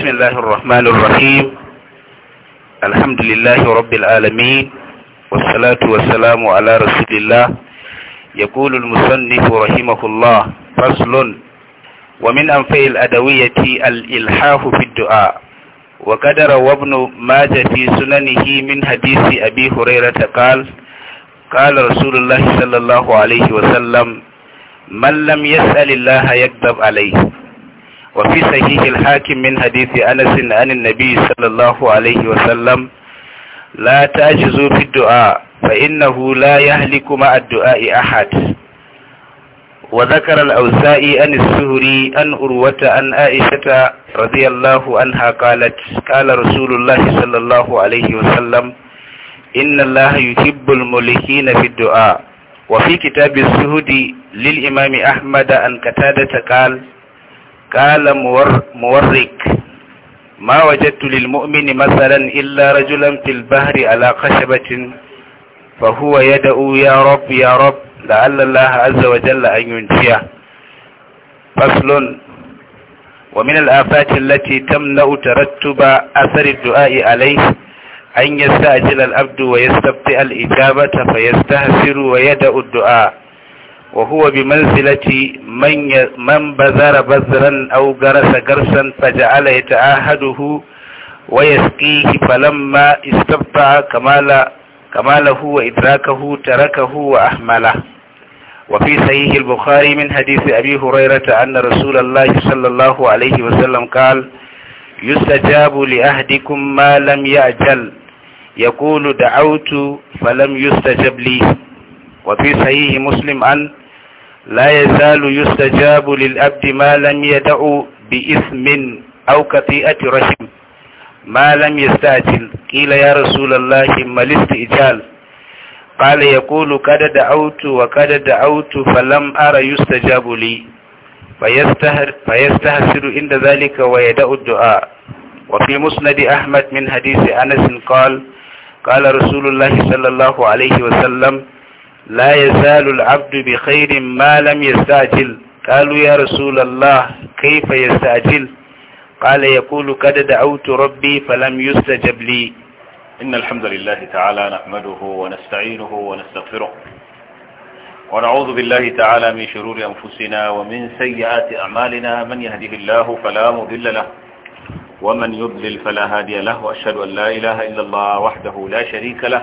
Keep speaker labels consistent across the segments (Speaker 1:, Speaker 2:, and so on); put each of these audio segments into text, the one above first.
Speaker 1: بسم الله الرحمن الرحيم الحمد لله رب العالمين والصلاة والسلام على رسول الله يقول المصنف رحمه الله فصل ومن أنفع الأدوية الإلحاف في الدعاء وقد روى ابن ماجه في سننه من حديث أبي هريرة قال قال رسول الله صلى الله عليه وسلم من لم يسأل الله يكذب عليه وفي صحيح الحاكم من حديث أنس عن النبي صلى الله عليه وسلم لا تعجزوا في الدعاء فإنه لا يهلك مع الدعاء أحد وذكر الأوسائي عن السهري أن أروة أن عائشة رضي الله عنها قالت قال رسول الله صلى الله عليه وسلم إن الله يحب الملحين في الدعاء وفي كتاب السهدي للإمام أحمد أن قتادة قال قال مورك ما وجدت للمؤمن مثلا إلا رجلا في البحر على خشبة فهو يدعو يا رب يا رب لعل الله عز وجل أن ينجيه فصل ومن الآفات التي تمنع ترتب أثر الدعاء عليه أن يستعجل الأبد ويستبطئ الإجابة فيستهسر ويدعو الدعاء وهو بمنزلة من ي... من بذر بذرا أو جرس جرسا فجعل يتعاهده ويسقيه فلما استبطع كمال كماله وإدراكه تركه وأحمله وفي صحيح البخاري من حديث أبي هريرة أن رسول الله صلى الله عليه وسلم قال يستجاب لأهدكم ما لم يأجل يقول دعوت فلم يستجب لي وفي صحيح مسلم أن la ya zalu yusta jabu lil'abdi malam ya da'u bi ismin aukati ati rashin malam ya stajil ƙila ya rasulallahi malisti ijal ƙala ya kulu kada da autu wa kada da autu falam ara yusta jabu li fayasta hasiru inda zalika wa ya da'u du'a wa fi musnadi ahmad min hadisi anasin ƙal ƙala rasulallahi sallallahu لا يزال العبد بخير ما لم يستعجل قالوا يا رسول الله كيف يستعجل قال يقول قد دعوت ربي فلم يستجب لي إن الحمد لله
Speaker 2: تعالى نحمده ونستعينه ونستغفره ونعوذ بالله تعالى من شرور أنفسنا ومن سيئات أعمالنا من يهده الله فلا مضل له ومن يضلل فلا هادي له وأشهد أن لا إله إلا الله وحده لا شريك له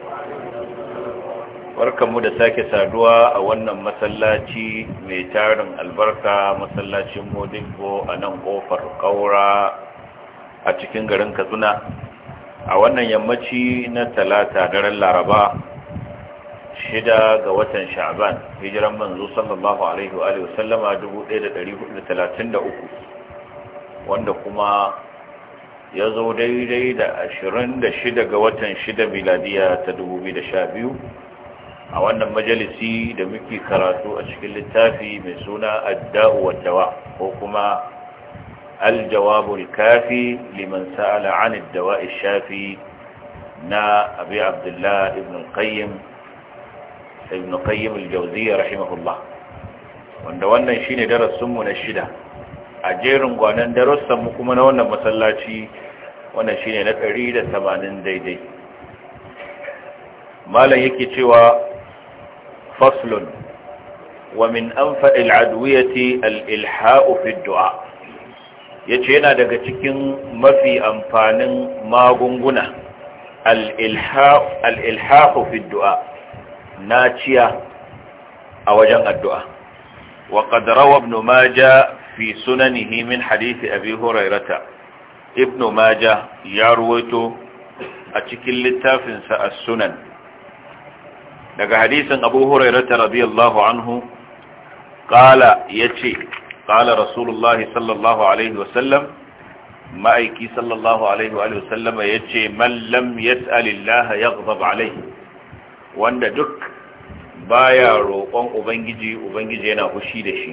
Speaker 2: barkanmu da sake saduwa a wannan masallaci mai tarin albarka masallacin modinko a nan kofar kaura a cikin garin katsina a wannan yammaci na talata daren laraba shida ga watan sha'ban hijiran manzo sallallahu alaihi wa alihi wasallama 1433 wanda kuma ya zo daidai da 26 ga watan shida miladiya ta 2012 a wannan majalisi da muke karatu a cikin littafi mai suna adda'u wa dawa ko kuma aljawabul kafi liman sa'ala 'an ad-dawa'i shafi na abi abdullah ibn qayyim ibn qayyim al-jawziyya rahimahullah wanda wannan shine darasin mu na shida a jerin gwanan darussan mu kuma na wannan masallaci wannan shine na 180 daidai malam yake cewa فصل ومن أنفع العدوية الإلحاء في الدعاء yace yana daga cikin mafi amfanin magunguna al ilha fi du'a naciya a wajen addu'a wa qad rawa ibn majah fi sunanihi min hadith abi hurairata ibn majah ya ruwaito a cikin littafinsa a sunan daga hadisin abu hurairata radiyallahu anhu kala ya ce kala rasulullahi sallallahu alaihi wasallam ma'aiki sallallahu alaihi wasallam ya ce mallam yas'alillaha ya alaihi wanda duk baya roƙon ubangiji ubangiji yana hushi da shi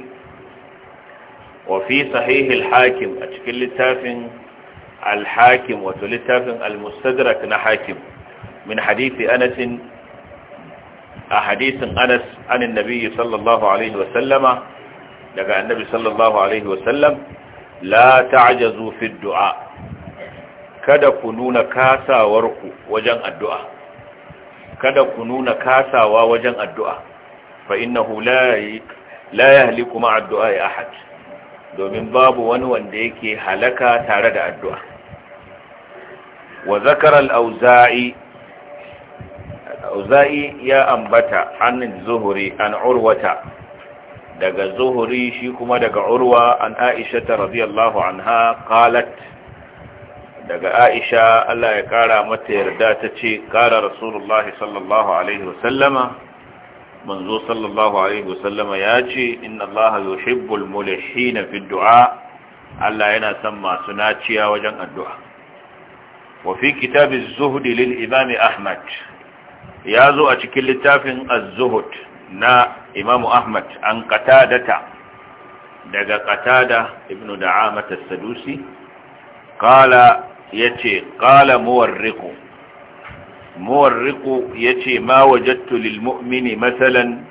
Speaker 2: wafi sahihil hakim a cikin littafin alhakim wato littafin almustadrak na hakim min hadithi anasin a hadisin anas anin nabi sallallahu alaihi wasallama daga annabi sallallahu alaihi wasallam la ta'jazu fi du'a kada ku nuna kasawarku wajen addu'a kada ku nuna kasawa wajen addu'a fa innahu la la yahliku ma'a addu'a ahad domin babu wani wanda yake halaka tare da addu'a wa zakara al-auza'i auza'i ya ambata an zuhuri an urwata daga zuhuri shi kuma daga urwa an aisha ta radiyallahu anha qalat daga aisha Allah ya kara mata yarda ta ce kara rasulullah sallallahu alaihi wasallama manzo sallallahu alaihi wasallama ya ce inna Allah yuhibbul mulhina fi du'a Allah yana son masu naciya wajen addu'a wa fi kitab az-zuhd lil ahmad ya zo a cikin littafin az-zuhud na Imam ahmad an qatadata daga qatada ibnu da'amah as-sadusi qala yace qala muwarriqu muwarriqu yace ma wajattu lil mu'mini masalan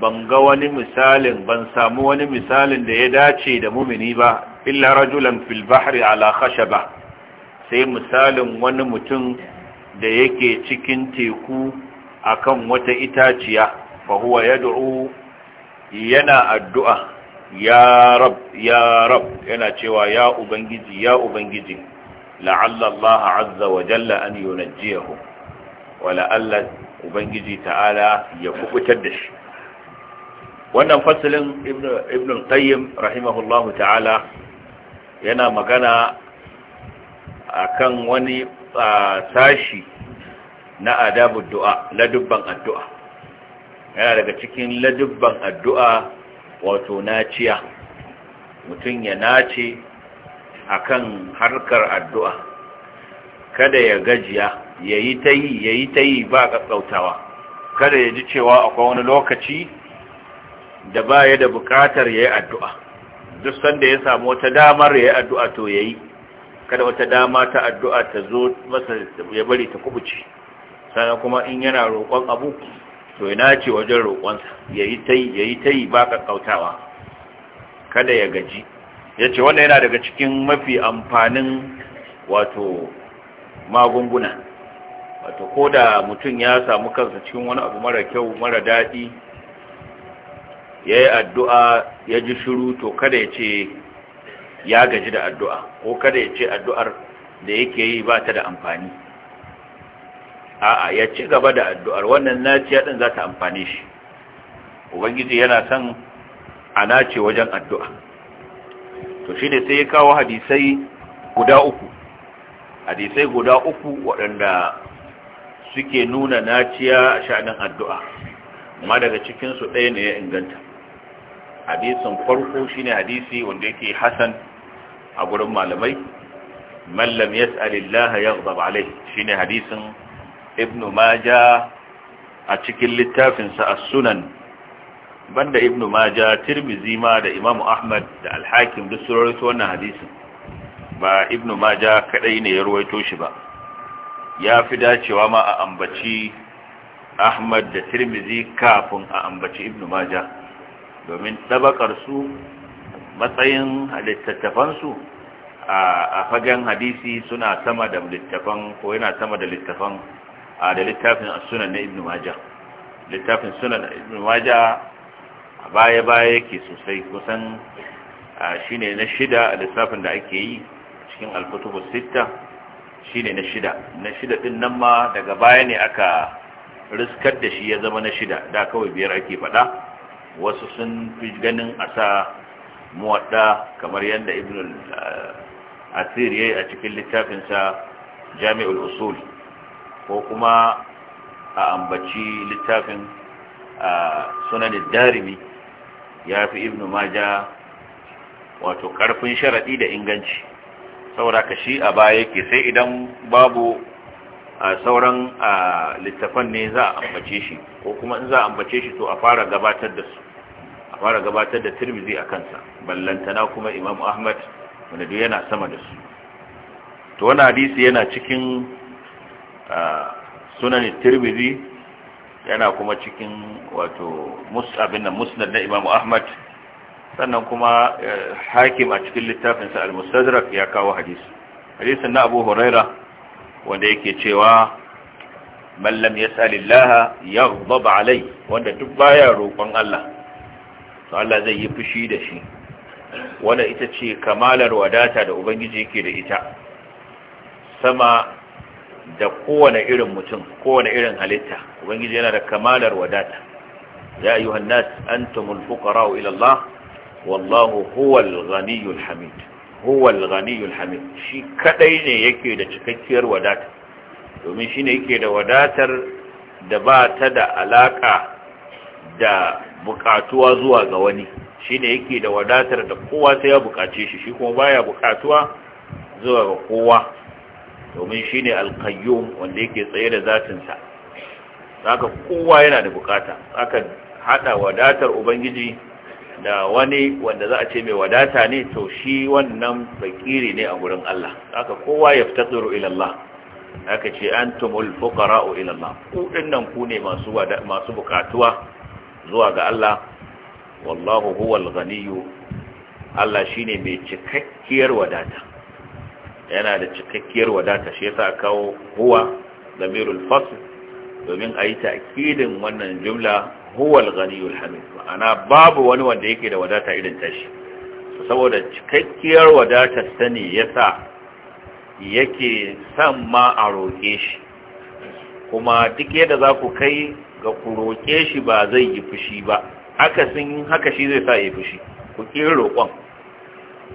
Speaker 2: ban ga wani misalin ban samu wani misalin da ya dace da mumini ba illa rajulan fil bahri ala khashaba sai misalin wani mutum da yake cikin teku akan wata itaciya fa huwa yad'u yana addu'a ya rab ya rab yana cewa ya ubangiji ya ubangiji la'alla Allah azza wa jalla an yunajjiyahu wa la'alla ubangiji ta'ala ya kubutar da shi wannan fasalin ibn ibnu qayyim rahimahullahu ta'ala yana magana akan wani sashi na adabu du'a ladubban addu'a yana daga cikin ladubban addu'a wato naciya mutum ya nace akan harkar addu'a kada ya gajiya yayi ta yi yayi ta yi ba tsautawa kada ya ji cewa akwai wani lokaci da ba ya da bukatar ya yi addu'a duk sanda ya samu wata damar ya yi addu'a to ya yi kada wata dama ta addu'a ta zo masa ya bari ta kubuce sannan kuma in yana roƙon abu to ina ce wajen roƙonsa ya yi ta yi ya yi ba ƙaƙƙautawa kada ya gaji ya ce wannan yana daga cikin mafi amfanin wato magunguna wato ko da mutum ya samu kansa cikin wani abu mara kyau mara daɗi ya yi addu'a ya ji shiru to kada ya ce ya gaji da addu'a ko kada ya ce addu'ar da yake yi ba ta da amfani a'a ya ci gaba da addu'ar wannan naciya ɗin za ta amfani shi ubangiji yana son a nace wajen addu'a to shi ne sai ya kawo hadisai guda uku hadisai guda uku waɗanda suke nuna naciya a sha'anin addu'a amma daga cikinsu ɗaya ne ya inganta hadisin farko shine hadisi wanda yake hasan a gurin malamai man lam yas'alillaha yaghdab shi shine hadisin ibnu majah a cikin littafinsa a sunan banda ibnu maja tirmizi ma da imam ahmad da al-hakim duk wannan hadisin ba ibnu maja kadai ne ya rawaito shi ba ya fi dacewa ma a ambaci ahmad da tirmizi kafin a ambaci ibnu maja domin tabakar su matsayin littattafansu a fagen hadisi suna sama da littafan ko yana sama da littafan da littafin sunan na ibn majah littafin sunan na ibn majah baya-baya yake sosai kusan shine na shida a littafin da ake yi cikin alkutubu sita shine na shida na shida din nan ma daga baya ne aka riskar da shi ya zama na shida da kawai biyar ake faɗa wasu sun fi ganin a sa muwadda kamar yadda ibn uh, asir yayi a cikin littafinsa jami'ul usul ko kuma a ambaci littafin uh, sunan darimi ya fi ibn Majah wato karfin sharadi da inganci saboda ka shi a baya yake sai idan babu a uh, sauran littafan ne za a ambace shi ko kuma in za a ambace shi to a fara gabatar da su fara gabatar da tirmizi a kansa ballantana kuma imam ahmad wanda duk yana sama da su to wani hadisi yana cikin sunan tirmizi yana kuma cikin wato musabin musnad na imam ahmad sannan kuma e, hakim a cikin littafinsa al-mustadrak ya kawo hadisi hadisin na abu huraira wanda yake cewa man lam yas'alillaha yaghdab alai wanda duk baya roƙon Allah to Allah zai yi fushi da shi wanda ita ce kamalar wadata da ubangiji yake da ita sama da kowane irin mutum kowane irin halitta ubangiji yana da kamalar wadata ya ayyuha an-nas antumul fuqara ila Allah wallahu huwal ghaniyul hamid huwal ghaniyul hamid shi kadai ne yake da cikakkiyar wadata domin shine yake da wadatar da ba ta da alaka da bukatuwa zuwa ga wani shi ne yake da wadatar da kowa sai ya bukace shi shi kuma baya bukatuwa zuwa ga kowa domin shi ne alkayyum wanda yake tsaye da zatinsa haka kowa yana da bukata ka hada wadatar ubangiji da wani wanda za a ce mai wadata ne to shi wannan fakiri ne a wurin Allah haka kowa ya fitatsiru ilallah Za ka ce antumul fuqara'u ila Allah ku dinnan ku ne masu bukatuwa zuwa ga Allah wallahu huwal ghaniyu Allah shine mai cikakkiyar wadata yana da cikakkiyar wadata shi yasa kawo huwa damirul fasl domin a yi ta'kidin wannan jumla huwal ghaniyul hamid ma'ana babu wani wanda yake da wadata irin tashi saboda cikakkiyar wadatar sani yasa yake san ma a roƙe shi kuma duk yadda za ku kai ga ku roƙe shi ba zai yi fushi ba haka sun haka shi zai sa ya fushi ku ƙi roƙon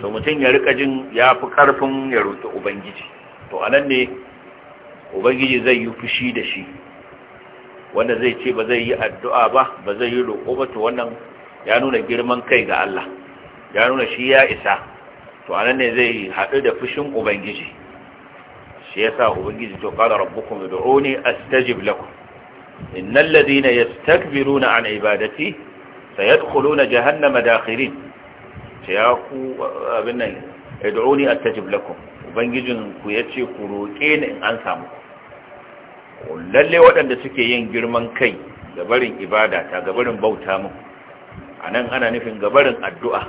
Speaker 2: to mutum ya rika jin ya fi ƙarfin ya roƙi ubangiji to anan ne ubangiji zai yi fushi da shi wanda zai ce ba zai yi addu'a ba ba zai yi roƙo ba to wannan ya nuna girman kai ga Allah ya nuna shi ya isa to anan ne zai haɗu da fushin ubangiji shi yasa ubangiji to qala rabbukum ud'uni astajib lakum innal ladina yastakbiruna an na sayadkhuluna jahannama dakhirin ce ya ku abin nan ad'uni astajib lakum ubangijin ku yace ku roke ni in an samu lalle waɗanda suke yin girman kai ga barin ibada ta ga barin bauta mu anan ana nufin gabarin addu'a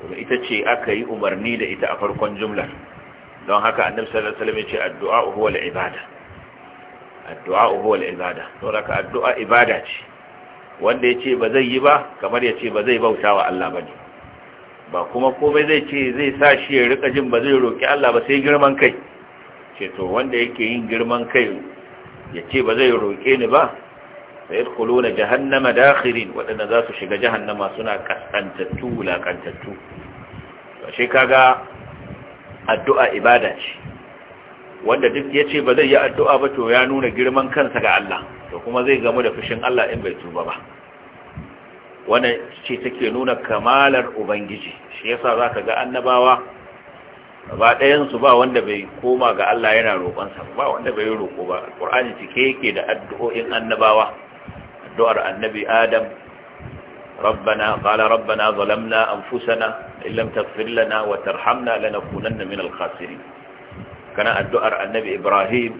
Speaker 2: kuma ita ce aka yi umarni da ita a farkon jumlar don haka annabi sallallahu alaihi ce addu'a huwa al-ibada addu'a huwa al-ibada to raka addu'a ibada ce wanda yace ba zai yi ba kamar yace ba zai bauta wa Allah ne ba kuma komai zai ce zai sa shi ya rika jin ba zai roki Allah ba sai girman kai ce to wanda yake yin girman kai yace ba zai roke ni ba sayadkhuluna jahannama dakhirin wadanda za su shiga jahannama suna kaskantattu wulakantattu to shi kaga addu'a ibada ce wanda duk ya ce ba zai yi addu'a ba to ya nuna girman kansa ga Allah to kuma zai gamu da fushin Allah in bai tuba ba wannan ce take nuna kamalar ubangiji shi yasa zaka ga annabawa ba ɗayansu ba wanda bai koma ga Allah yana roƙonsa ba wanda bai roƙo ba ƙur'ani cike yake da addu'o'in annabawa addu'ar annabi adam ربنا قال zalamna anfusana أنفسنا إن لم تغفر لنا وترحمنا لنكونن من الخاسرين kana addu'ar annabi ibrahim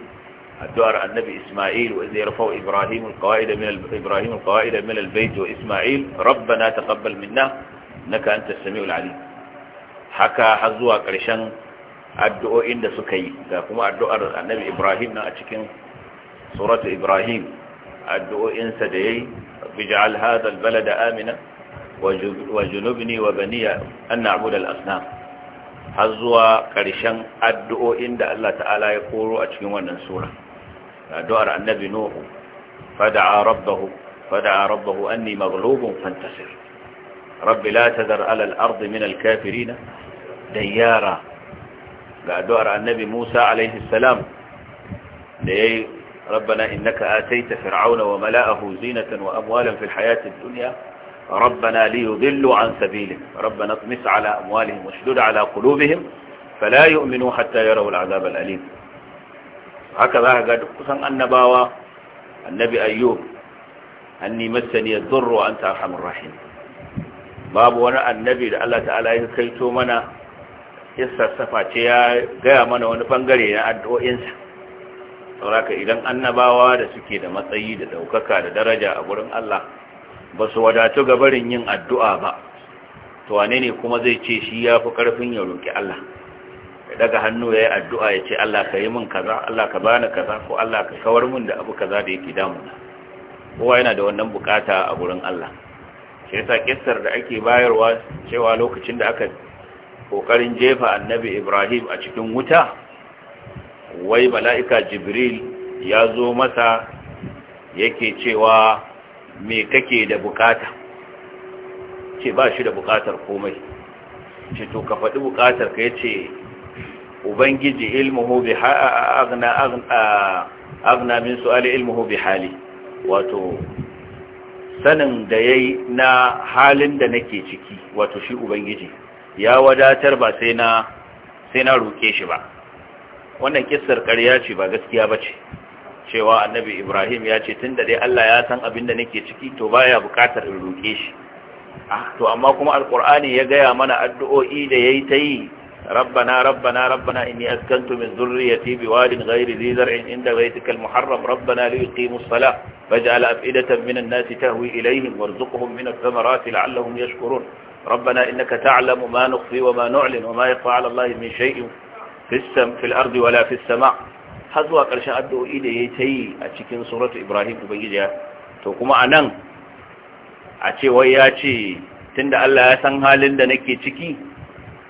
Speaker 2: addu'ar annabi isma'il wa zai rafa ibrahim alqawaida min ibrahim wa isma'il rabbana taqabbal minna innaka antas samiul alim haka har zuwa ƙarshen addu'o'in da suka yi da kuma addu'ar annabi ibrahim na a cikin suratu ibrahim addu'o'insa da ya yi bijal hadal balada amina wa junubni wa baniya an na'budal asnam har zuwa ƙarshen addu'o'in da Allah ta'ala ya koro a cikin wannan sura addu'ar annabi nuhu fada'a rabbahu fada'a rabbahu anni maghlubun fantasir rabbi la tadhar 'ala al-ardi min al-kafirin dayyara ga addu'ar annabi Musa alaihi salam da yayi rabbana innaka ataita fir'auna wa mala'ahu zinatan wa amwalan fil hayati ad-dunya ربنا ليضلوا عن سبيلك ربنا اطمس على أموالهم واشدد على قلوبهم فلا يؤمنوا حتى يروا العذاب الأليم هكذا قد قسم النباوة النبي أيوب أني مسني الضر وأنت أرحم الراحمين باب وانا النبي da Allah ta'ala ya kaito mana yassa safa ce ya gaya mana wani bangare na addu'o'insa sauraka idan annabawa da suke da matsayi da daukaka da daraja a gurin Allah ba su wadatu ga barin yin addu'a ba to wane ne kuma zai ce shi ya fi ƙarfin ya roƙi Allah ya daga hannu ya yi addu'a ya ce Allah ka yi min kaza Allah ka bani kaza ko Allah ka kawar min da abu kaza da yake damuna kowa yana da wannan bukata a wurin Allah shi yasa kissar da ake bayarwa cewa lokacin da aka kokarin jefa annabi Ibrahim a cikin wuta wai mala'ika Jibril ya zo masa yake cewa me kake da bukata ce ba shi da bukatar komai ce to ka faɗi bukatar ka yace ubangiji ilmuhu bi agna agna min su'ali ilmuhu bi hali wato sanin da yayi na halin da nake ciki wato shi ubangiji ya wadatar ba sai na sai na roke shi ba wannan kissar ƙarya ce ba gaskiya bace cewa annabi ibrahim ya ce tun da dai allah ya san abin da nake ciki to baya bukatar in roƙe shi ah, to amma kuma alƙur'ani ya gaya mana addu'o'i da ya yi ta yi ربنا ربنا ربنا إني أسكنت من ذريتي بواد غير ذي زرع عند بيتك المحرم ربنا ليقيموا الصلاة فاجعل أفئدة من الناس تهوي إليهم وارزقهم من الثمرات لعلهم يشكرون ربنا إنك تعلم ما نخفي وما نعلن وما يخفى على الله من شيء في, السم في الأرض ولا في السماء har zuwa ƙarshen addu'o'i da ya ta yi a cikin suratu ibrahim ubangiji ya to kuma a nan a ce ya ce tun da allah ya san halin da nake ciki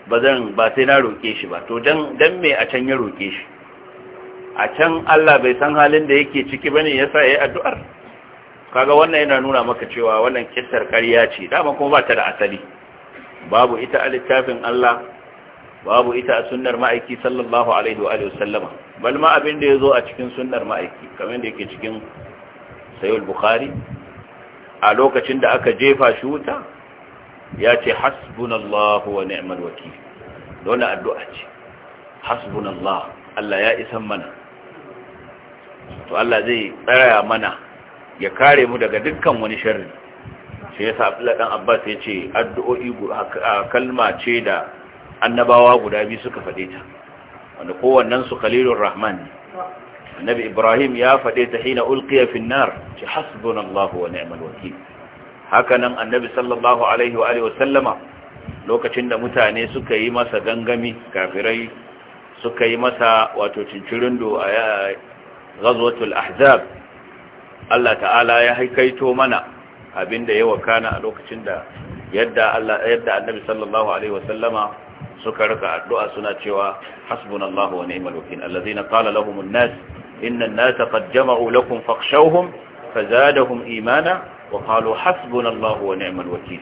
Speaker 2: ba zan ba sai na roƙe shi ba to don me a can ya roƙe shi a can allah bai san halin da yake ciki ba ne ya sa ya yi addu'ar kaga wannan yana nuna maka cewa wannan kisar ƙarya ce dama kuma ba ta da asali babu ita a littafin allah babu ita a sunnar ma'aiki sallallahu alaihi wa sallama balma abin da ya zo a cikin sunnar ma'aiki kamar da yake cikin sayul bukhari a lokacin da aka jefa shi wuta ya ce hasbunallahu wa ni'mal wakil dole addu'a ce hasbunallah Allah ya isan mana to Allah zai tsaya mana ya kare mu daga dukkan wani sharri shi yasa Abdullah dan Abbas ya ce addu'o'i kalma ce da annabawa guda biyu suka fade ta wanda kowannen su khalilur rahman ne annabi ibrahim ya faɗe ta hina ulqiya fi nar ci hasbunallahu wa ni'mal wakil Hakanan annabi sallallahu alaihi wa alihi wa sallama lokacin da mutane suka yi masa gangami kafirai suka yi masa wato cincirindo a ghazwatul ahzab Allah ta'ala ya haikaito mana abinda ya wakana a lokacin da yadda Allah yadda annabi sallallahu alaihi wa wasallama suka rika addu'a suna cewa hasbunallahu wa ni'mal wakeel allazina na kala an-nas inna an-nasa qad jama'u lakum fakhshawhum fazadahum imana wa qalu hasbunallahu wa ni'mal wakil.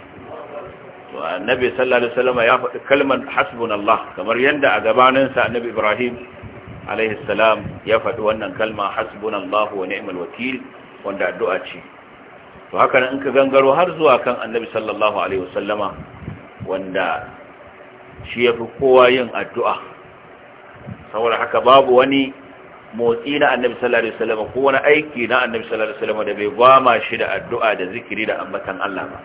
Speaker 2: to annabi sallallahu alaihi wasallam ya faɗi kalmar hasbunallah kamar yadda a gabaninsa sa annabi Ibrahim alaihi salam ya faɗi wannan kalma hasbunallahu wa ni'mal wakil, wanda addu'a ce to haka nan in ka gangaro har zuwa kan annabi sallallahu alaihi wasallama wanda shi ya fi kowa yin addu'a saboda haka babu wani motsi na annabi sallallahu alaihi wasallam ko wani aiki na annabi sallallahu alaihi wasallam da bai gwama shi da addu'a da zikiri da ambatan Allah ba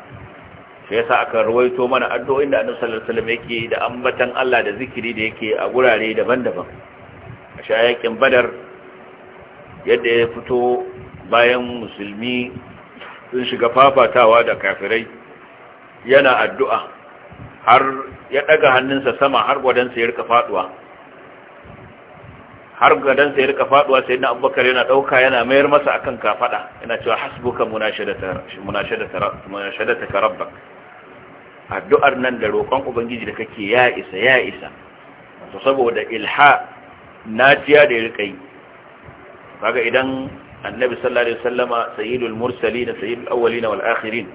Speaker 2: sai yasa aka ruwaito mana addu'o'in da annabi sallallahu alaihi wasallam yake da ambatan Allah da zikiri da yake a gurare daban-daban a shayakin badar yadda ya fito bayan musulmi sun shiga fafatawa da kafirai yana addu'a har ya daga hannunsa sama har gwadansa ya rika faduwa har gwadansa ya rika faduwa sai na abubakar yana dauka yana mayar masa akan kafada yana cewa hasbuka munashadata rabbak addu'ar nan da roƙon ubangiji da kake ya isa ya isa to saboda ilha naciya da ya rika yi kaga idan annabi sallallahu alaihi wasallama sayyidul mursalin sayyidul awwalin wal akhirin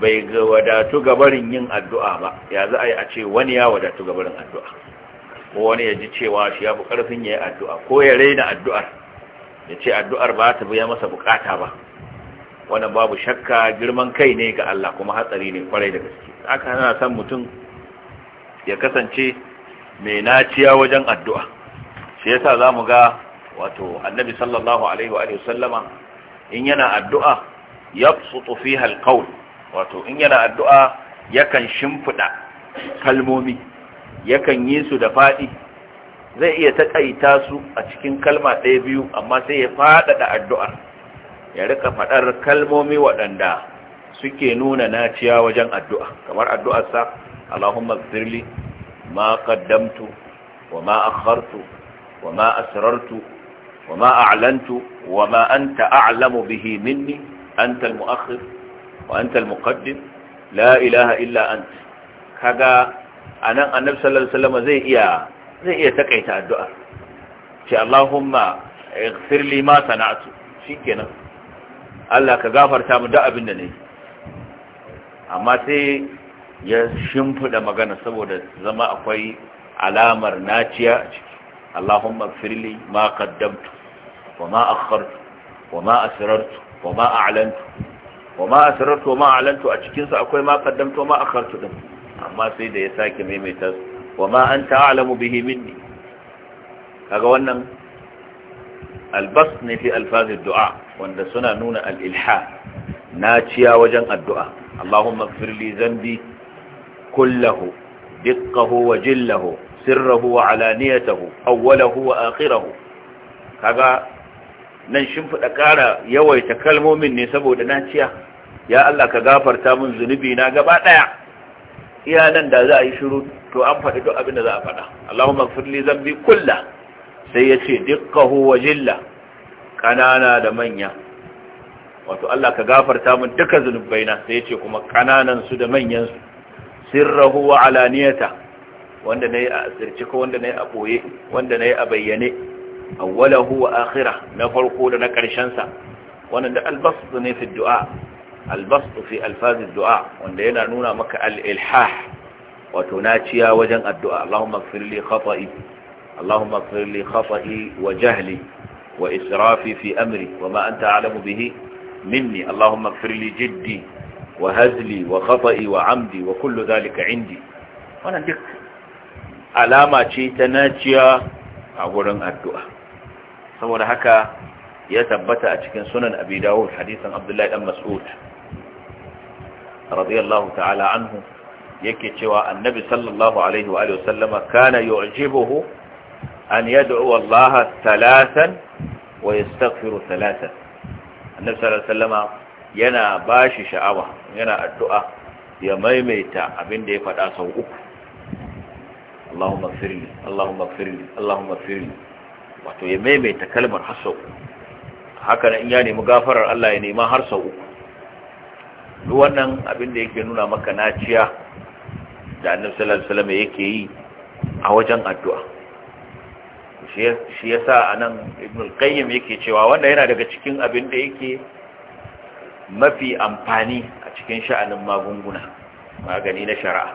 Speaker 2: bai ga wadatu gabarin yin addu'a ba ya za a yi a ce wani ya wadatu gabarin addu'a ko wani ya ji cewa shi ya fi ƙarfin ya yi addu'a ko ya raina addu'ar ya ce addu'ar ba ta biya masa bukata ba Wani babu shakka girman kai ne ga Allah kuma hatsari ne kwarai da gaske haka yana son mutum ya kasance mai naciya wajen addu'a shi yasa za mu ga wato annabi sallallahu alaihi wa sallama in yana addu'a ya fi fiha alqawl wato in yana addu'a yakan shimfiɗa kalmomi yakan yi su da faɗi zai iya taƙaita su a cikin kalma ɗaya biyu amma sai ya faɗaɗa addu'ar ya rika faɗar kalmomi waɗanda suke nuna naciya wajen addu'a kamar addu'arsa Allahumma zirli ma qaddamtu wa ma akhartu wa ma asrartu wa ma a'lantu wa ma an a'lamu bihi minni anta al-mu'akhir wa antal muqaddim la ilaha illa ant kaga anan annabi sallallahu alaihi wasallam zai iya zai iya takaita addu'ar. ce Allahumma ighfir li ma sana'tu shikenan Allah ka gafarta mu duk abin da nayi amma sai ya shimfida magana saboda zama akwai alamar naciya a ciki Allahumma ighfir ma qaddamtu wa ma akhartu wa ma asirartu, wa ma a'lantu wa ma asrartu ma a cikin su akwai ma qaddamtu ma akhartu din amma sai da ya sake maimaita wa ma anta a'lamu bihi minni kaga wannan albas ne fi alfazid du'a wanda suna nuna al na naciya wajen addu'a Allahumma ighfir li dhanbi kullahu diqqahu wa jillahu sirrahu wa alaniyatahu awwalahu wa akhirahu kaga nan shimfiɗa ƙara yawaita kalmomin ne saboda na naciya ya Allah ka gafarta min zunubi na gaba ɗaya iya nan da za a yi shiru to an faɗi duk abin da za a faɗa Allahumma li dhanbi kulla sai ya ce dukkahu wa jilla ƙanana da manya wato Allah ka gafarta min duka zunubai na sai ya ce kuma kananan su da manyan su sirruhu wa alaniyata wanda nayi a sirci ko wanda nayi a boye wanda nayi a bayyane أوله وآخرة نفرقول نكرشنسا وأن البسط في الدعاء البسط في ألفاظ الدعاء وأن نونا مك الإلحاح وتناتيا وجن الدعاء اللهم اغفر لي خطئي اللهم اغفر لي خطئي وجهلي وإسرافي في أمري وما أنت أعلم به مني اللهم اغفر لي جدي وهزلي وخطئي وعمدي وكل ذلك عندي وأنا ديك ألامة تناتيا أقول الدعاء saboda haka ya tabbata a cikin sunan abi dawud hadisin abdullahi dan mas'ud radiyallahu ta'ala anhu yake cewa annabi sallallahu alaihi wa alihi wasallama kana yu'jibuhu an yad'u Allah thalathan wa yastaghfiru thalathan annabi sallallahu alaihi wasallama yana bashi sha'awa yana addu'a ya maimaita abin da ya faɗa sau uku Allahumma ighfirli Allahumma ighfirli Allahumma ighfirli wato ya maimaita kalmar har sau haka nan ya nemi gafarar Allah ya nema har sau uku duk wannan abin da yake nuna maka naciya da annabi sallallahu alaihi wasallam yake yi a wajen addu'a shi yasa anan ibn al-qayyim yake cewa wannan yana daga cikin abin da yake mafi amfani a cikin sha'anin magunguna magani na shari'a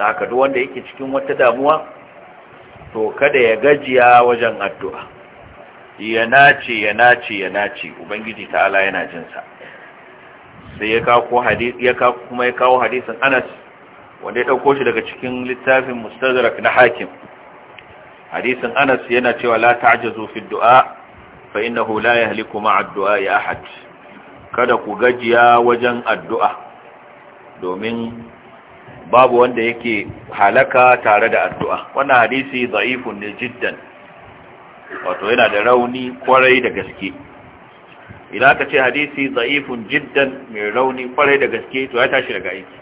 Speaker 2: na haka duk wanda yake cikin wata damuwa to kada ya gajiya wajen addu'a ya nace ya nace ya nace ubangiji ta'ala yana jinsa sai ya kawo hadisi ya kawo kuma ya kawo hadisin Anas wanda ya ɗauko shi daga cikin littafin Mustadrak na Hakim hadisin Anas yana cewa la ta'jazu fi du'a fa innahu la yahliku ma'a addu'a ya ahad kada ku gajiya wajen addu'a domin babu wanda yake halaka tare da addu'a wannan hadisi za'ifun ne jiddan wato yana da rauni kwarai da gaske idan ka ce hadisi za'ifun jiddan mai rauni kwarai da gaske to ya tashi daga aiki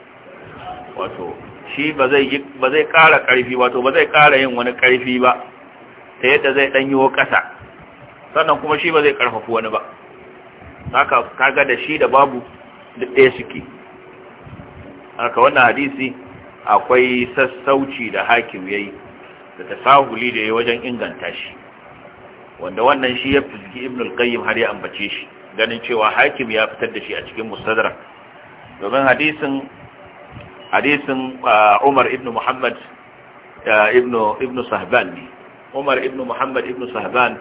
Speaker 2: wato shi ba zai ƙara ƙarfi wato ba zai ƙara yin wani ƙarfi ba ta yadda zai yiwo ƙasa sannan kuma shi ba zai ƙarfafi wani ba haka kaga da shi da babu duk ɗaya suke haka wannan hadisi akwai sassauci da hakim yayi da tasahuli da yayi wajen inganta shi wanda wannan shi ya fizgi ibn al-qayyim har ya ambace shi ganin cewa hakim ya fitar da shi a cikin mustadrak domin hadisin hadisin uh, Umar ibn Muhammad uh, ibn ibn Sahban ne Umar ibn Muhammad ibn Sahban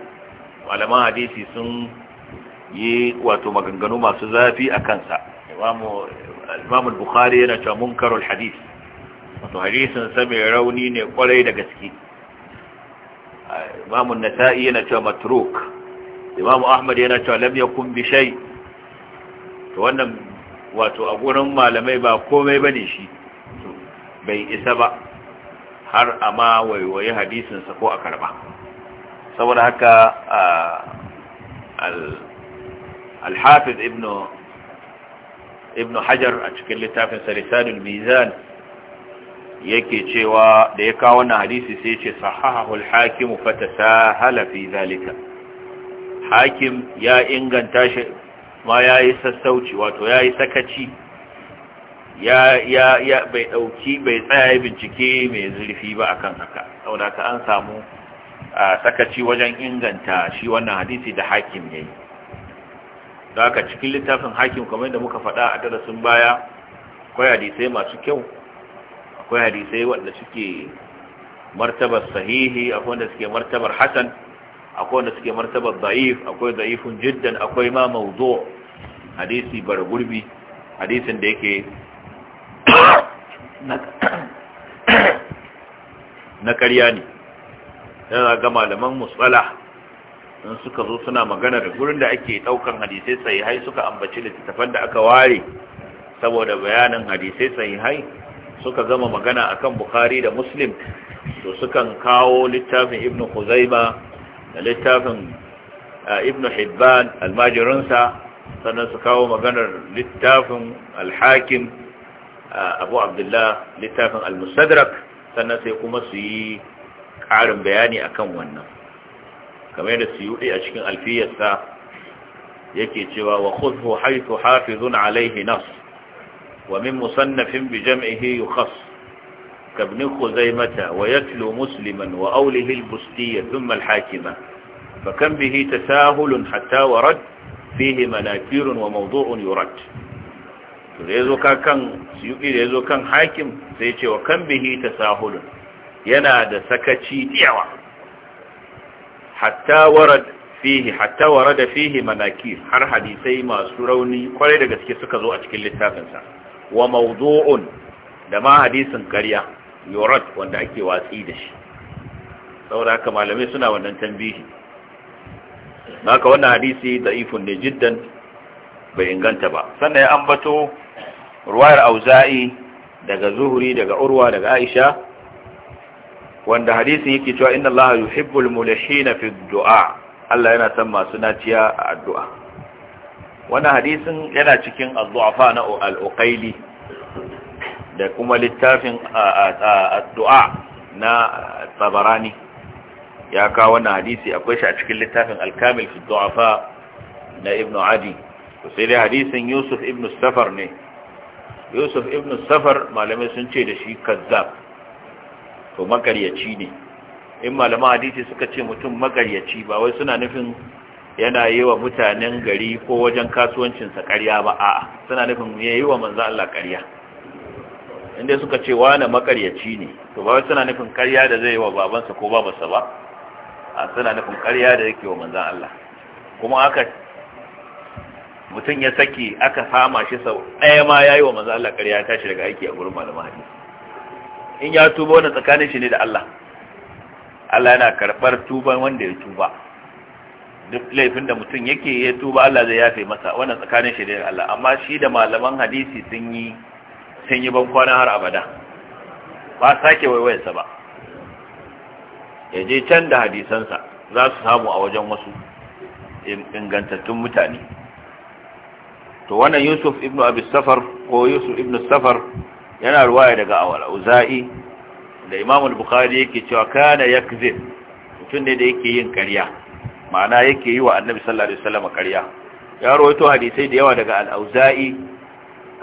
Speaker 2: malaman hadisi sun yi wato maganganu masu zafi a kansa imamu al-Imam al-Bukhari yana cewa munkarul hadith wato hadisin sa mai rauni ne kwarai da gaske Imam an-Nasa'i yana cewa matruk Imam Ahmad yana cewa lam yakun bi shay to wannan wato a gurin malamai ba komai bane shi bai isa ba har ama ma hadisinsa ko a karba saboda haka al-hafiz ibn ibn hajar a cikin littafin salisanul mizan yake cewa da ya kawo wannan hadisi sai ce sahahul al-hakim fa fi zalika hakim ya inganta shi ma yi sassauci wato yayi sakaci ya ya ya bai dauki bai tsaya bincike mai zurfi ba akan haka saboda ka an samu sakaci wajen inganta shi wannan hadisi da hakim yayi da haka cikin littafin hakim kamar yadda muka faɗa a darasin baya akwai hadisai masu kyau akwai hadisai wanda suke martabar sahihi akwai wanda suke martabar hasan akwai wanda suke martabar da'if akwai da'ifun jiddan akwai ma mawdu hadisi bar gurbi hadisin da yake na ƙarya ne yana ga malaman musala in suka zo suna magana da gurin da ake daukan hadisai sahihai suka ambaci littattafan da aka ware saboda bayanin hadisai sahihai suka gama magana akan bukhari da muslim to sukan kawo littafin ibnu khuzaima da littafin eh, ibnu hibban almajirinsa sannan su kawo maganar littafin alhakim eh, abu abdullah littafin almustadrak sannan sai kuma su yi ƙarin bayani akan wannan kamar da suyuɗe a cikin alfiyarsa yake cewa wa khudhu haythu hafizun alayhi nas wa min musannafin bi jam'ihi yukhas kabni khuzaimata wa yatlu musliman wa aulihi al-bustiyya thumma al-hakima fa kam bihi hatta warad fihi manakirun wa mawdu'un yurad da yazo ka kan da yazo kan hakim sai ya ce wa kam bihi tasahulun yana da sakaci yawa hatta warad fihi hatta warada fihi manakir har hadisai masu rauni kwarai da gaske suka zo a cikin littafinsa wa mawdu'un da ma hadisin ƙarya yurad wanda ake watsi da shi saboda haka malamai suna wannan tambihi haka wannan hadisi da'ifun ne jiddan bai inganta ba sannan ya ambato ruwayar auza'i daga zuhuri daga urwa daga aisha wanda hadisin yake cewa inna allaha yuhibbul mulhina fi du'a Allah yana son masu naciya a addu'a wannan hadisin yana cikin az-du'afa na al-uqayli da kuma littafin addu'a na tabarani ya kawo wannan hadisi akwai shi a cikin littafin al-kamil fi du'afa na ibn adi sai dai hadisin yusuf ibn safar ne yusuf ibn safar malamai sun ce da shi kazzab to magaryaci ne in malaman hadisi suka ce mutum magaryaci ba wai suna nufin yana yi wa mutanen gari ko wajen kasuwancinsa ƙarya ba a'a suna nufin ya yi wa manzo Allah ƙarya inda suka ce wani makaryaci ne to ba wai suna nufin ƙarya da zai yi wa babansa ko babarsa ba a suna nufin ƙarya da yake wa manzan Allah kuma aka mutum ya saki aka fama shi sau ɗaya ma ya yi wa manzan Allah ƙarya ya tashi daga aiki a gurin malaman hadisi in ya tuba wannan tsakanin shi ne da Allah Allah yana karɓar tuban wanda ya tuba duk laifin da mutum yake ya tuba Allah zai yafe masa wannan tsakanin shi ne da Allah amma shi da malaman hadisi sun yi sun yi ban har abada ba sake waiwayarsa ba ya je can da hadisansa za su samu a wajen wasu ingantattun mutane to wannan yusuf ibnu abi safar ko yusuf ibnu safar yana ruwaya daga awal uza'i da imam al-bukhari yake cewa kana yakzib mutum ne da yake yin ƙarya ma'ana yake yi wa annabi sallallahu alaihi wasallam ƙarya ya rawaito hadisai da yawa daga al-auza'i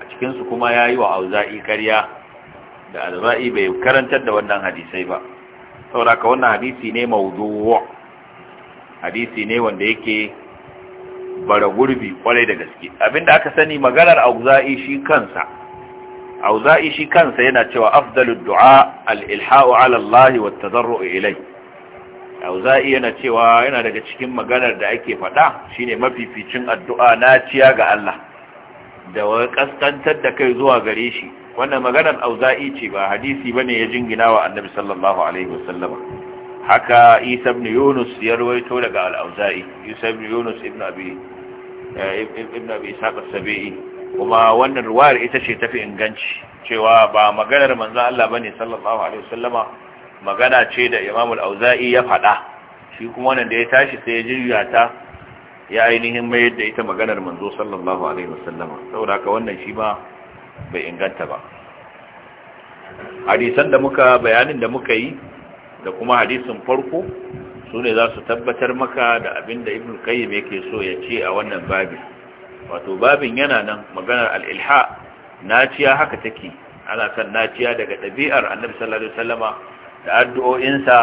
Speaker 2: a cikin su kuma yayi wa auza'i ƙarya da al-auza'i bai karantar da wannan hadisai ba saboda ka wannan hadisi ne mawdu'u hadisi ne wanda yake bara gurbi kwarai da gaske abinda aka sani maganar auza'i shi kansa auza'i shi kansa yana cewa afdalud du'a al-ilha'u 'ala Allah wa at ilai auza'i yana cewa yana daga cikin maganar da ake faɗa shine mafificin addu'a ciya ga Allah da kaskantar da kai zuwa gare shi wannan maganar auza'i ce ba hadisi bane ya jingina wa annabi sallallahu alaihi wasallam haka Isa ibn Yunus ya rawaito daga al-Auza'i Isa ibn Yunus ibn Abi eh, ibn Abi Sa'd sabii kuma wannan ruwayar ita ce tafi inganci cewa ba maganar manzon Allah bane sallallahu alaihi wasallama magana ce da Imam al-Auza'i ya faɗa shi kuma wannan da ya tashi sai ya juya ta ya ainihin mayar da ita maganar manzo sallallahu alaihi wasallama saboda haka wannan shi ma bai inganta ba hadisan da muka bayanin da muka yi da kuma hadisin farko su ne za su tabbatar maka da abin da ibn qayyim yake so ya ce a wannan babin wato babin yana nan maganar al'ilha naciya haka take ana kan naciya daga ɗabi'ar annabi sallallahu alaihi da addu'o'insa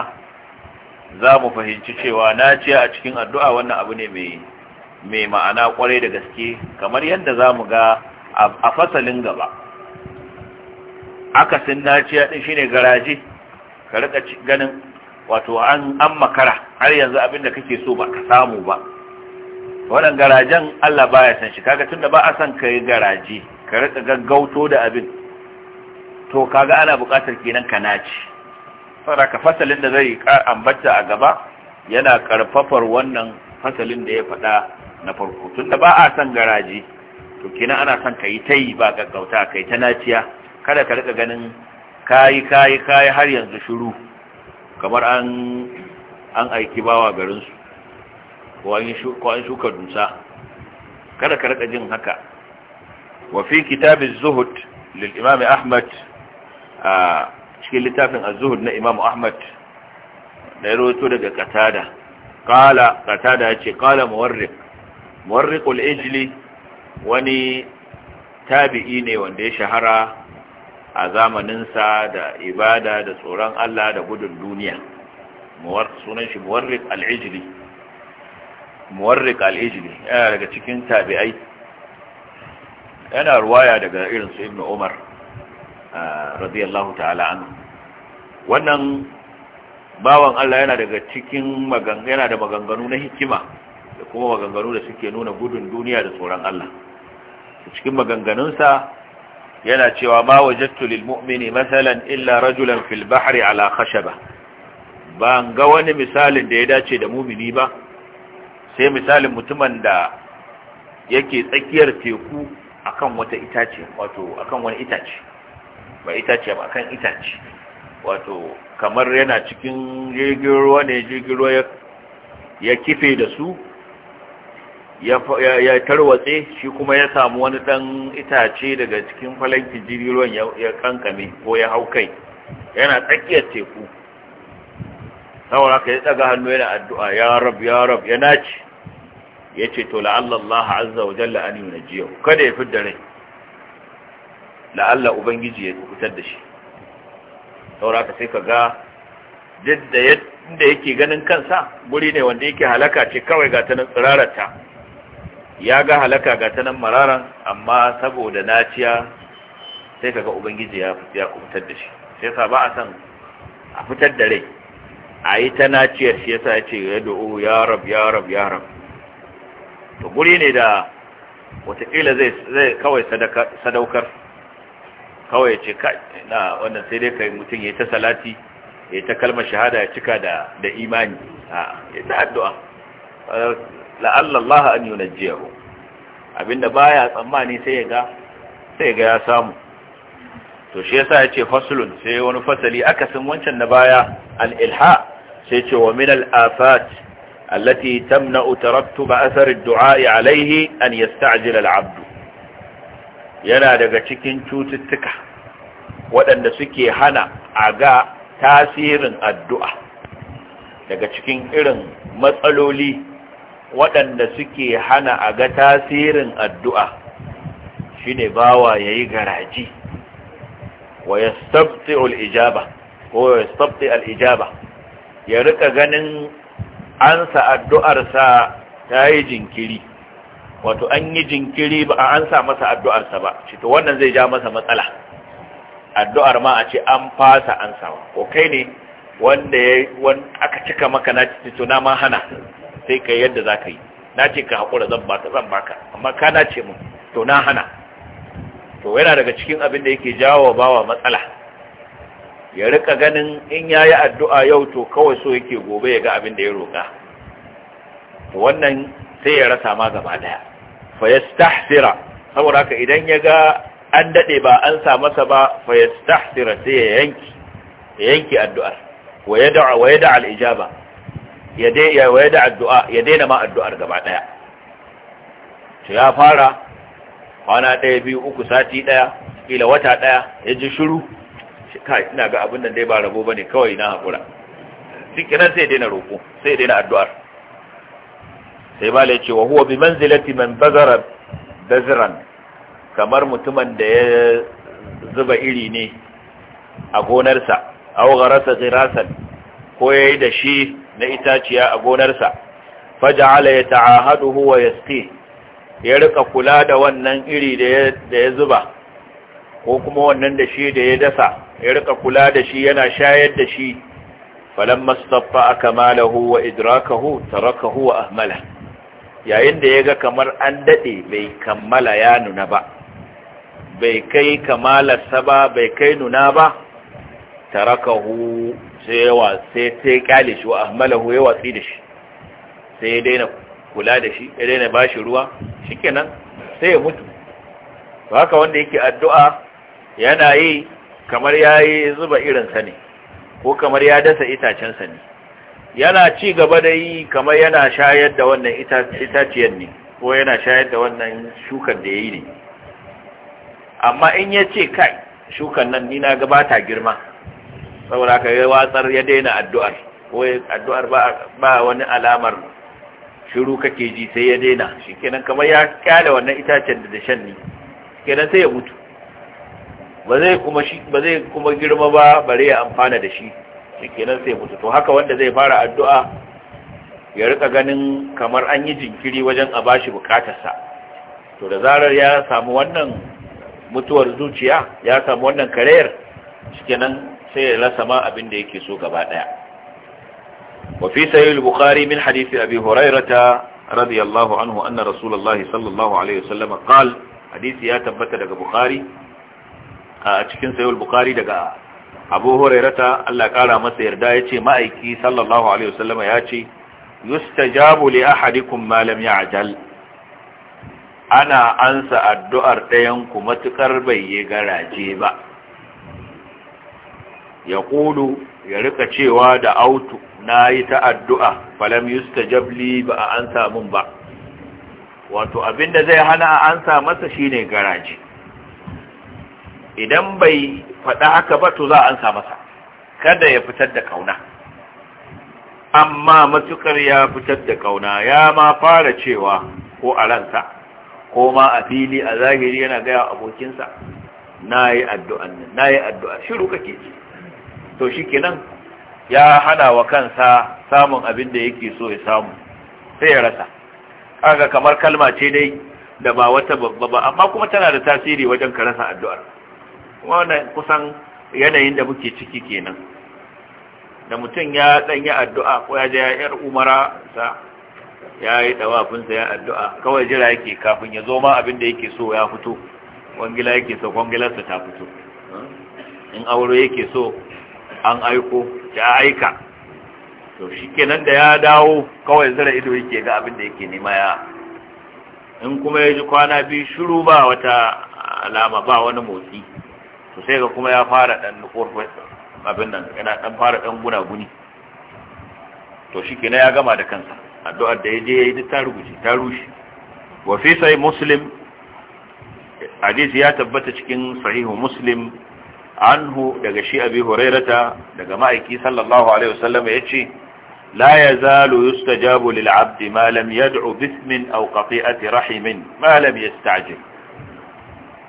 Speaker 2: za mu fahimci cewa naciya a cikin addu'a wannan abu ne mai ma'ana kwarai da gaske kamar yadda za mu ga a fasalin gaba akasin naciya din shine garaje ka rika ganin wato an makara har yanzu abin da kake so ba ka samu ba wannan garajen Allah baya san shi kaga tunda ba a san kai garaje ka rika gaggauto da abin to kaga ana buƙatar kenan ka naci saboda ka fasalin da zai ambata a gaba yana karfafar wannan fasalin da ya faɗa na farko tunda ba a san garaje to kenan ana san kai tayi ba gaggauta kai ta naciya kada ka rika ganin kayi kayi kai har yanzu shiru kamar an an aiki bawa garinsu ko an shuka dusa kada ka rika jin haka wa fi zuhud lil imam ahmad a cikin littafin az-zuhud na imam ahmad da ya rawaito daga ƙatada. qala qatada yace qala muwarriq muwarriq al-ijli wani tabi'i ne wanda ya shahara a zamaninsa da ibada da tsoron Allah da gudun duniya sunan shi muwarriq al-ijli muwarrik al-ijli yana daga cikin tabi'ai yana ruwaya daga irin su ibnu umar ah, radiyallahu ta'ala anhu wannan bawan Allah yana daga cikin maganganu yana da maganganu na hikima da kuma maganganu da suke nuna gudun duniya da tsoron Allah cikin maganganunsa yana cewa ma wajadtu lil mu'mini masalan illa rajulan fil bahri ala khashaba ban ga wani misalin da ya dace da mumini ba sai misalin mutumin da yake tsakiyar teku akan wata itace wato akan wani itace ba itace ba akan itace wato kamar yana cikin jirgin ruwa ne jirgin ruwa ya kife da su ya tarwatse shi kuma ya samu wani dan itace daga cikin falanki jirgin ruwan ya kankame ko ya hau kai yana tsakiyar teku saboda ka yi tsaga hannu yana addu'a ya rab ya rab ya naci ya ce to la'alla Allah azza wa jalla an yunjiyo kada ya fidda rai la'alla ubangiji ya fitar da shi saura ka sai ka ga da yadda yake ganin kansa guri ne wanda yake halaka ce kawai ga ta nan tsirararta ya ga halaka ga ta nan mararan amma saboda naciya sai ka ga ubangiji ya fitar da shi sai sa ba a san a fitar da rai a yi ta naciyar shi yasa ya ce ya do'o ya rab ya rab ya rab to guri ne da wataƙila zai kawai sadaukar kawai ce na wannan sai dai kai mutum ya yi ta salati ya ta kalmar shahada ya cika da imani a ya ta addu'a la'allallaha an yi najiyahu abinda baya tsammani sai ya ga sai ga ya samu to shi yasa ya ce fasulun sai wani fasali akasin wancan na baya al-ilha sai ce wa min al-afat التي تمنع ترتب أثر الدعاء عليه أن يستعجل العبد yana daga cikin cututtuka waɗanda suke hana a ga tasirin addu'a daga cikin irin matsaloli waɗanda suke hana a ga tasirin addu'a shi ne bawa ya yi garaji wa ya stabti al'ijaba ya rika ganin ansa addu'arsa ta yi jinkiri wato an yi jinkiri ba a ansa masa addu'arsa ba ce wannan zai ja masa matsala addu'ar ma a ce an fasa ansawa ko kai ne wanda ya aka cika maka na ce to na ma hana sai ka yadda za ka yi na ce ka haƙura zan baka zan baka amma ka na ce mu to na hana to yana daga cikin abin da yake jawo bawa matsala ya rika ganin in ya yi addu'a yau to kawai so yake gobe ya ga abin da ya roƙa wannan sai ya rasa ma gaba daya fayastahsira saboda haka idan ya ga an daɗe ba an sa masa ba fayastahsira sai ya yanki ya yanki addu'ar wa ya da'a ya al'ijaba ya addu'a ya daina ma addu'ar gaba daya to ya fara kwana ɗaya biyu uku sati ɗaya ila wata ɗaya ya ji shiru kai ina ga abin nan dai ba rabo bane kawai na hakura zikiran sai daina roko sai daina addu'ar sai ba la ce wa huwa bi manzilati man bazara bazran kamar mutumin da ya zuba iri ne a gonarsa aw garasa ghirasan ko yayi da shi na itaciya a gonarsa faj'ala yata'ahaduhu wa yasqi ya rika kula da wannan iri da ya zuba ko kuma wannan da shi da ya dasa ya rika kula da shi yana shayar da shi falamma staffa akmalahu wa idrakahu tarakahu wa ahmala yayin da yaga kamar an dade bai kammala ya nuna ba bai kai kamalarsa ba bai kai nuna ba tarakahu sai yawa sai sai kyale shi wa ahmalahu ya watsi da shi sai ya daina kula da shi ya daina bashi ruwa shikenan sai ya mutu Ba haka wanda yake addu'a yana yi kamar ya yi zuba irinsa ne ko kamar ya dasa itacensa ne yana ci gaba da yi kamar yana shayar da wannan itaciyar ne ko yana shayar da wannan shukar da ya yi ne amma in ya ce kai shukar nan nina ta girma saboda ka yi watsar ya daina addu'ar ko addu'ar ba wani alamar shiru kake ji sai ya daina shi kenan kamar ya kyale wannan itacen da shan ne kenan sai ya mutu ba zai kuma shi ba zai kuma girma ba bare ya amfana da shi shikenan sai mutu to haka wanda zai fara addu'a ya rika ganin kamar an yi jinkiri wajen a bashi bukatarsa to da zarar ya samu wannan mutuwar zuciya ya samu wannan kareyar shikenan sai ya rasa ma abin da yake so gaba daya wa fi sahih al-bukhari min hadith abi hurairata radiyallahu anhu anna rasulullahi sallallahu alaihi wasallam qala hadisi ya tabbata daga bukhari a cikin sayul bukari daga abu hurairata Allah kara masa yarda ya ce ma'aiki sallallahu alaihi wasallam ya ce yustajabu li ahadikum ma lam ya'jal ana ansa addu'ar ɗayan ku matukar bai yi garaje ba ya ya rika cewa da autu na yi ta addu'a falam yustajab li ba a ansa mun ba wato abinda zai hana a ansa masa shine garaje idan bai faɗa haka ba to za a ansa masa kada ya fitar da kauna amma matukar ya fitar da kauna ya ma fara cewa ko a ransa ko ma a fili a zahiri yana gaya abokinsa na yi addu'an nan na yi addu'a shiru kake ce to shi kenan ya hana wa kansa samun abin da yake so ya samu sai ya rasa kaga kamar kalma ce dai da ba wata babba ba amma kuma tana da tasiri wajen ka rasa addu'ar kuma wannan kusan yanayin da muke ciki kenan da mutum ya dan yi addu'a ko ya je ya yar umara sa ya yi sa ya addu'a kawai jira yake kafin ya zo ma abin da yake so ya fito kwangila yake so sa ta fito in aure yake so an aiko ta aika to shi kenan da ya dawo kawai zira ido yake ga abin da yake nema ya in kuma ya ji kwana biyu shiru ba wata alama ba wani motsi to sai ga kuma ya fara dan nukurfa abin nan yana dan fara dan guna guni to shi kenan ya gama da kansa addu'ar da ya je ya yi ta rubuce ta rushe wa fi sai muslim hadisi ya tabbata cikin sahihu muslim anhu daga shi abi hurairata daga ma'aiki sallallahu alaihi wasallam ya ce لا يزال يستجاب للعبد ما لم يدعو باسم أو قطيئة رحم ما لم يستعجل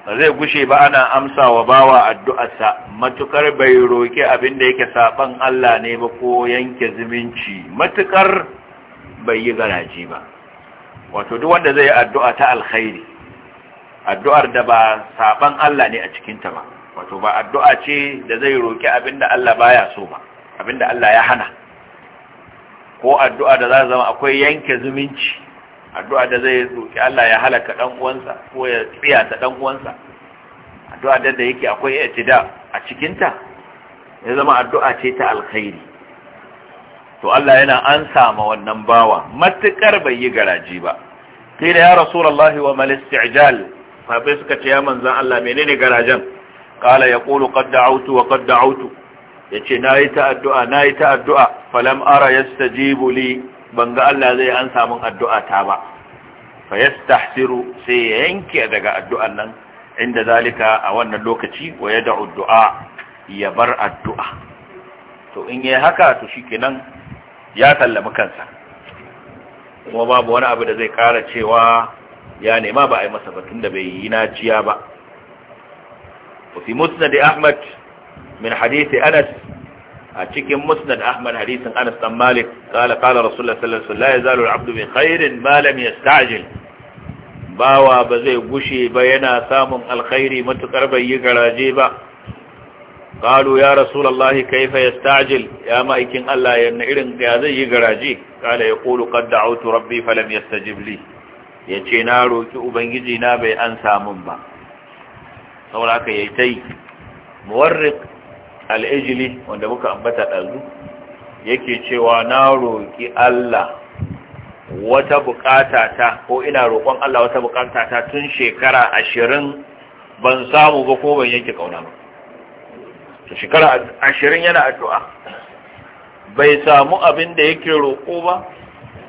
Speaker 2: ba zai gushe ba ana amsa wa bawa addu'arsa matukar bai roki abin da yake saban Allah ne ba ko yanke zumunci matukar bai yi garaji ba wato duk wanda zai addu'a ta alkhairi addu'ar da ba saban Allah ne a cikinta ba wato ba addu'a ce da zai roki abin da Allah baya so ba abin da Allah ya hana ko addu'a da za zama akwai yanke zumunci addu'a da zai roki Allah ya halaka dan uwansa ko ya tsiya ta dan uwansa addu'a da da yake akwai i'tida a cikin ta ya zama addu'a ce ta alkhairi to Allah yana ansa ma wannan bawa matukar bai yi garaji ba kila ya rasulullahi wa mal isti'jal fa bai suka ce ya manzan Allah menene garajan qala yaqulu qad da'awtu wa qad da'awtu yace nayi ta addu'a nayi ta addu'a falam ara yastajibu li ban ga Allah zai an samun addu'a ta ba fa yastahsiru sai ya yanke daga addu'an nan inda zalika a wannan lokaci wa ya da’u du'a ya bar addu'a to in yayi haka to shikenan ya kallama kansa kuma babu wani abu da zai kara cewa ya nema ba a yi masa batun da bai yi naciya ba وفي مسند Ahmad min hadisi Anas. a cikin musnad ahmad hadisin anas dan malik qala qala rasulullah sallallahu alaihi wasallam yazalu al-abdu bi khairin ma lam yasta'jil bawa ba zai gushe ba yana samun alkhairi matukar bai yi garaje ba qalu ya rasulullah kayfa yasta'jil ya ma'aikin Allah yana irin ya zai yi garaje qala yaqulu qad da'awtu rabbi falam yastajib li yace na roki ubangiji na bai an samun ba saboda haka yayi tai muwarriq al'ajili wanda muka ambata ɗazu yake cewa na roƙi Allah wata bukata ta ko ina roƙon Allah wata bukata ta tun shekara ashirin ban samu ba ko ban yanke ƙauna ba shekara ashirin yana addu'a bai samu abin da yake roƙo ba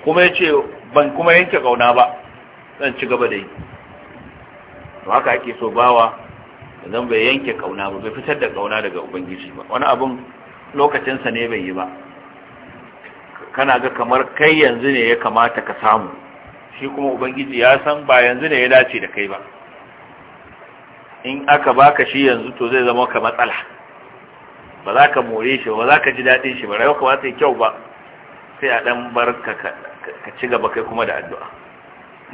Speaker 2: kuma ya ce ban kuma yanke ƙauna ba zan ci gaba da yi to haka ake so bawa idan bai yanke kauna ba bai fitar da kauna daga ubangiji ba wani abun lokacinsa ne bai yi ba kana ga kamar kai yanzu ne ya kamata ka samu shi kuma ubangiji ya san ba yanzu ne ya dace da kai ba in aka baka shi yanzu to zai zama ka matsala ba za ka more shi ba za ka ji daɗin shi ba rayuwa ba ta yi kyau ba sai a ɗan bar ka ci gaba kai kuma da addu'a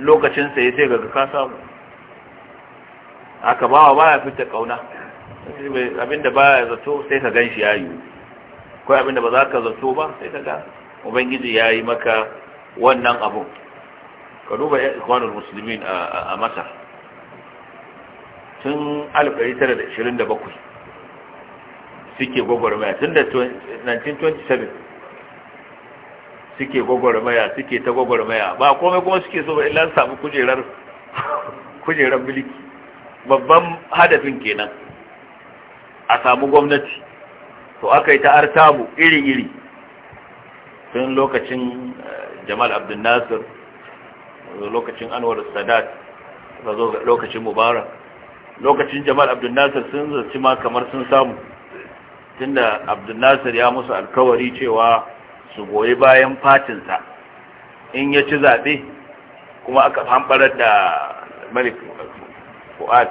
Speaker 2: lokacin ya sai ga ka samu aka wa baya fita kauna abinda baya zato sai ka ganshi ya yi ko abinda ba za ka zato ba sai ka ga ubangiji ya yi maka wannan abu ka duba ya ikwanul musulmin a masar tun 1927 suke gwagwarmaya tun da 1927 suke gwagwarmaya suke ta gwagwarmaya ba komai kuma suke so ba illa samu kujerar kujerar miliki babban hadafin kenan a samu gwamnati to aka yi ta artabu iri-iri tun lokacin eh, jamal nasir lokacin anwar sadat lokacin mubarak lokacin jamal nasir sun zaci ma kamar sun samu tunda nasir ya musu alkawari cewa su goyi bayan fatinsa in ya ci zaɓe kuma aka hamɓarar da malik fu'ad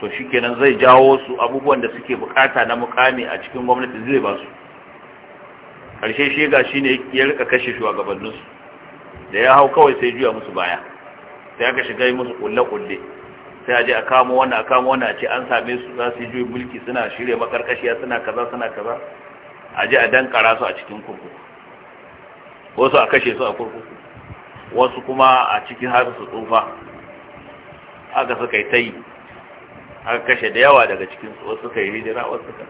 Speaker 2: to shikenan zai jawo su abubuwan da suke bukata na mukami a cikin gwamnati zai ba su karshe shi ga shine ya rika kashe shugabannin su da ya hau kawai sai juya musu baya sai aka shiga musu kulle kulle sai a je a kamo wani a kamo wani a ce an same su za su juyi mulki suna shirye makarkashiya suna kaza suna kaza a je a dankara su a cikin kurkuku wasu a kashe su a kurkuku wasu kuma a cikin har su tsufa aka suka yi ta yi aka kashe da yawa daga cikin wasu suka yi hijira wasu ka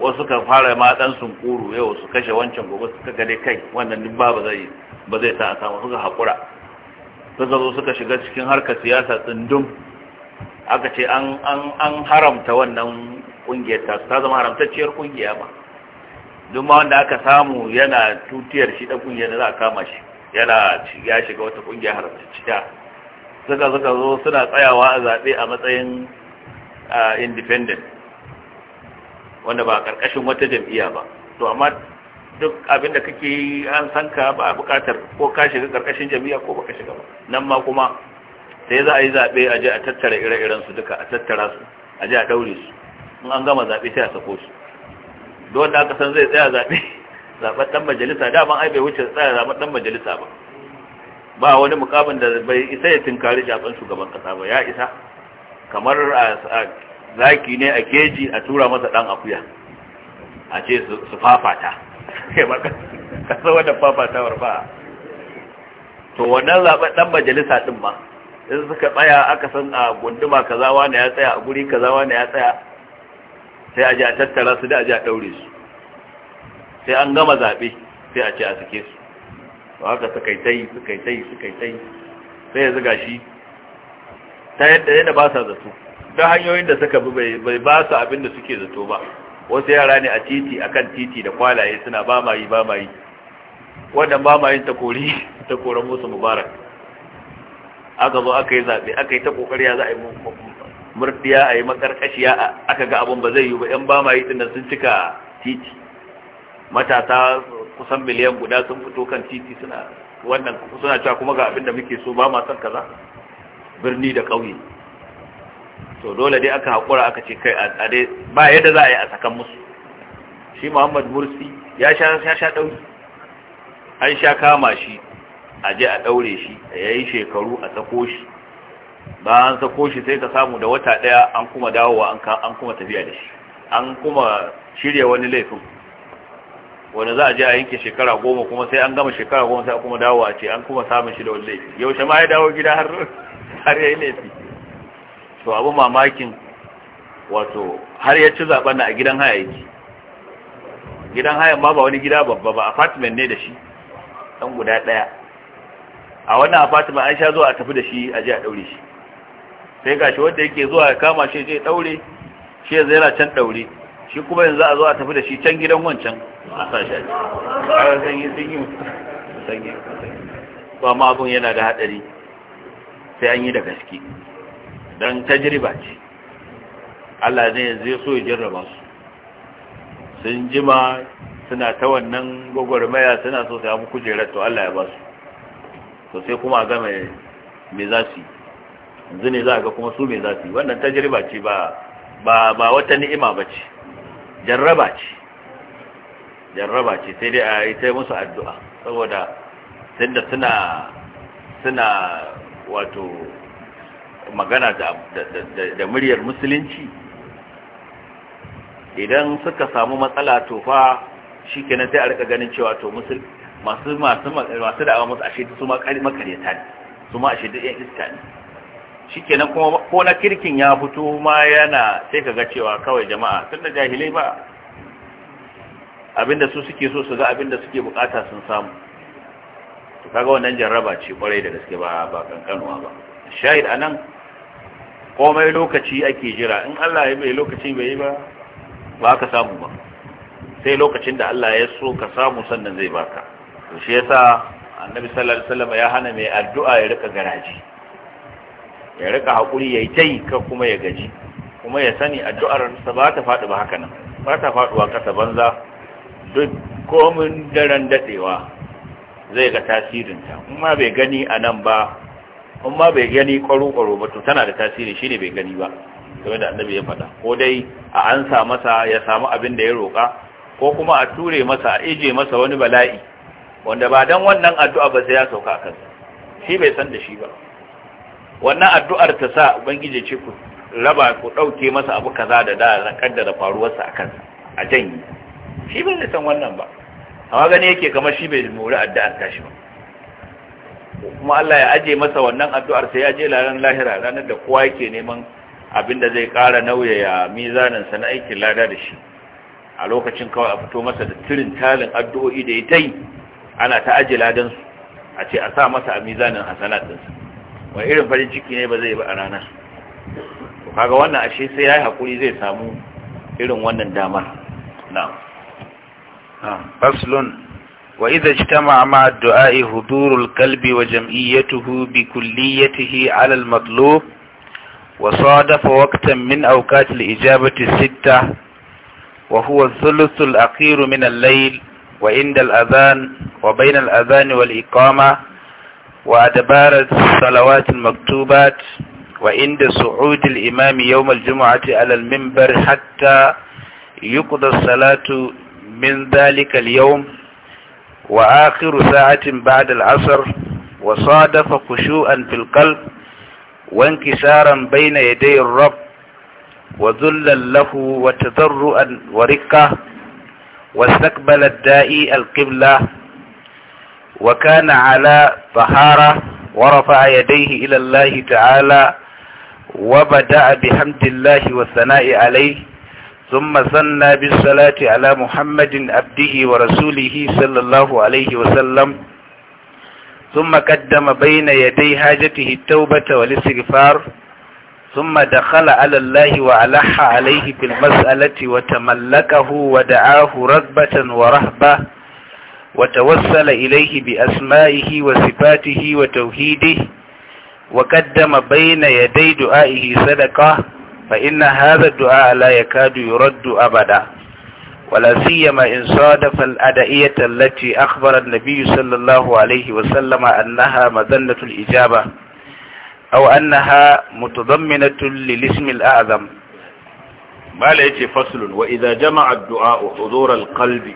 Speaker 2: wasu ka fara ma dan sunkuru yau su kashe wancan gobe su ka gade kai wannan duk babu zai ba zai sa a samu hakura haƙura suka zo suka shiga cikin harkar siyasa tsindum aka ce an an an haramta wannan kungiyar ta ta zama haramtacciyar kungiya ba duk ma wanda aka samu yana tutiyar shi da kungiyar da za a kama shi yana ya shiga wata kungiya haramtacciya suka suka zo suna tsayawa a zaɓe a matsayin independent wanda ba ƙarƙashin wata jam'iyya ba to amma duk abin da kake yi an san ka ba a buƙatar ko ka shiga ƙarƙashin jam'iyya ko ba ka shiga ba nan ma kuma sai za a yi zaɓe a je a tattara ire-iren su duka a tattara su a je a ɗaure su in an gama zaɓe sai a sako su don da aka san zai tsaya zaɓe zaɓen ɗan majalisa dama ai bai wuce tsaya zaɓen ɗan majalisa ba ba wani mukamin da bai isa ya tunkari zaben shugaban kasa ba ya isa kamar zaki ne a keji a tura masa dan akuya a ce su fafata kasa wadda fafatawar ba to wannan zaben dan majalisa din ma in suka tsaya aka san a gunduma kaza wani ya tsaya a guri kaza wani ya tsaya sai a ji a tattara su da a ji a daure su sai an gama zaɓe sai a ce a suke su haka suka yi tai suka yi suka yi sai ya zuga shi ta yadda yadda ba sa zato ta hanyoyin da suka bi bai ba su abin da suke zato ba wasu yara ne a titi akan titi da kwalaye suna ba mayi ba mayi wannan ba mayin ta kori ta koran musu mubarak aka zo aka yi zaɓe aka yi ta ƙoƙari ya za a yi murfiya a yi makarƙashiya aka ga abin ba zai yi ba 'yan ba mayi ɗin sun cika titi matasa kusan miliyan guda sun fito kan titi suna wannan suna cewa kuma ga abin da muke so ba ma san kaza birni da ƙauye to dole dai aka haƙura aka ce kai a dai ba yadda za a yi a sakan musu shi muhammad mursi ya sha sha an sha kama shi a je a daure shi yayin shekaru a sako shi ba an sako shi sai ka samu da wata daya an kuma dawowa an kuma tafiya da shi an kuma shirya wani laifin wanda za a je a yanke shekara goma kuma sai an gama shekara goma sai kuma dawo a ce an kuma samun shi da wani laifi yaushe ma ya dawo gida har har ya yi laifi to abu mamakin wato har ya ci zaben na a gidan haya yake gidan haya ma ba wani gida babba ba apartment ne da shi dan guda daya a wannan apartment an sha zuwa a tafi da shi a je a daure shi sai gashi wanda yake zuwa ya kama shi je daure shi ya zaira can daure shi kuma yanzu a zo a tafi da shi can gidan wancan a sa shi
Speaker 1: a
Speaker 2: sanyi sanyi sanyi ba ma abun yana da hadari sai an yi da gaske don tajriba ce Allah ne zai so ya jirraba su sun jima suna ta wannan gwagwarmaya suna so sai abu kujerar to Allah ya ba su to sai kuma ga mai me za su yi yanzu ne za a ga kuma su me za su yi wannan tajriba ce ba ba wata ni'ima ba ce jarraba ce jarraba ce sai dai a yi ta musu addu'a saboda tunda suna suna wato magana da muryar musulunci idan suka samu matsala to fa shi kenan sai a rika ganin cewa to musul masu masu masu da'awa musu ashe su ma makare ta ne su ma ashe duk yan iska ne Shi kenan kuma ko na kirkin ya fito ma yana sai ka ga cewa kawai jama'a tun da jahilai ba abinda su suke so su ga abinda suke bukata sun samu to kaga wannan jarraba ce kwarai da gaske ba ba kankanuwa ba shahid anan komai lokaci ake jira in Allah ya bai lokaci bai ba ba ka samu ba sai lokacin da Allah ya so ka samu sannan zai baka to shi yasa annabi sallallahu alaihi wasallam ya hana mai addu'a ya rika garaji ya rika hakuri ya yi ta ka kuma ya gaji kuma ya sani addu'ar sa ba ta faɗi ba haka nan ba ta faɗuwa ƙasa banza duk komin daren daɗewa zai ga tasirin ta kuma bai gani a nan ba kuma bai gani ƙwaro-ƙwaro ba to tana da tasiri shi ne bai gani ba game da annabi ya faɗa ko dai a an sa masa ya samu abin da ya roƙa ko kuma a ture masa a ije masa wani bala'i wanda ba don wannan addu'a ba sai ya sauka a kansa shi bai san da shi ba wannan addu'ar ta sa ubangiji ce ku raba ku ɗauke masa abu kaza da da na kaddara faruwarsa a kansa a janyi shi bai san wannan ba amma gani yake kamar shi bai mori addu'ar tashi ba kuma Allah ya aje masa wannan addu'ar sai ya je Laran lahira ranar da kowa yake neman abin da zai ƙara nauyaya mizanin sa na aikin lada da shi a lokacin kawai a fito masa da tirin talin addu'o'i da ya ta yi ana ta aje ladansu a ce a sa masa a mizanin hasanat ɗinsa wani irin farin ciki ne ba zai ba a rana? kaga wannan ashe sai ya yi haƙuri zai samu
Speaker 1: irin wannan damar na'am faslun wa idza ijtama'a ma du'a'i hudurul kalbi wa jam'iyyatuhu bi kulliyatihi 'ala al-matlub wa sadafa waqtan min awqat al-ijabati sitta wa huwa ath-thuluth al-akhir min al-layl wa 'inda al-adhan wa bayna al-adhan wal-iqamah وأدبار الصلوات المكتوبات وعند صعود الإمام يوم الجمعة على المنبر حتى يقضى الصلاة من ذلك اليوم وآخر ساعة بعد العصر وصادف خشوعا في القلب وانكسارا بين يدي الرب وذلا له وتضرعا ورقة واستقبل الدائي القبلة وكان على طهارة ورفع يديه إلى الله تعالى وبدأ بحمد الله والثناء عليه ثم ثنى بالصلاة على محمد عبده ورسوله صلى الله عليه وسلم ثم قدم بين يدي حاجته التوبة والاستغفار ثم دخل على الله وألح عليه بالمسألة وتملكه ودعاه رغبة ورهبة وتوسل إليه بأسمائه وصفاته وتوحيده وقدم بين يدي دعائه صدقة فإن هذا الدعاء لا يكاد يرد أبدا ولا سيما إن صادف الأدعية التي أخبر النبي صلى الله عليه وسلم أنها مذلة الإجابة أو أنها متضمنة للاسم الأعظم ما ليت
Speaker 2: فصل وإذا جمع الدعاء حضور القلب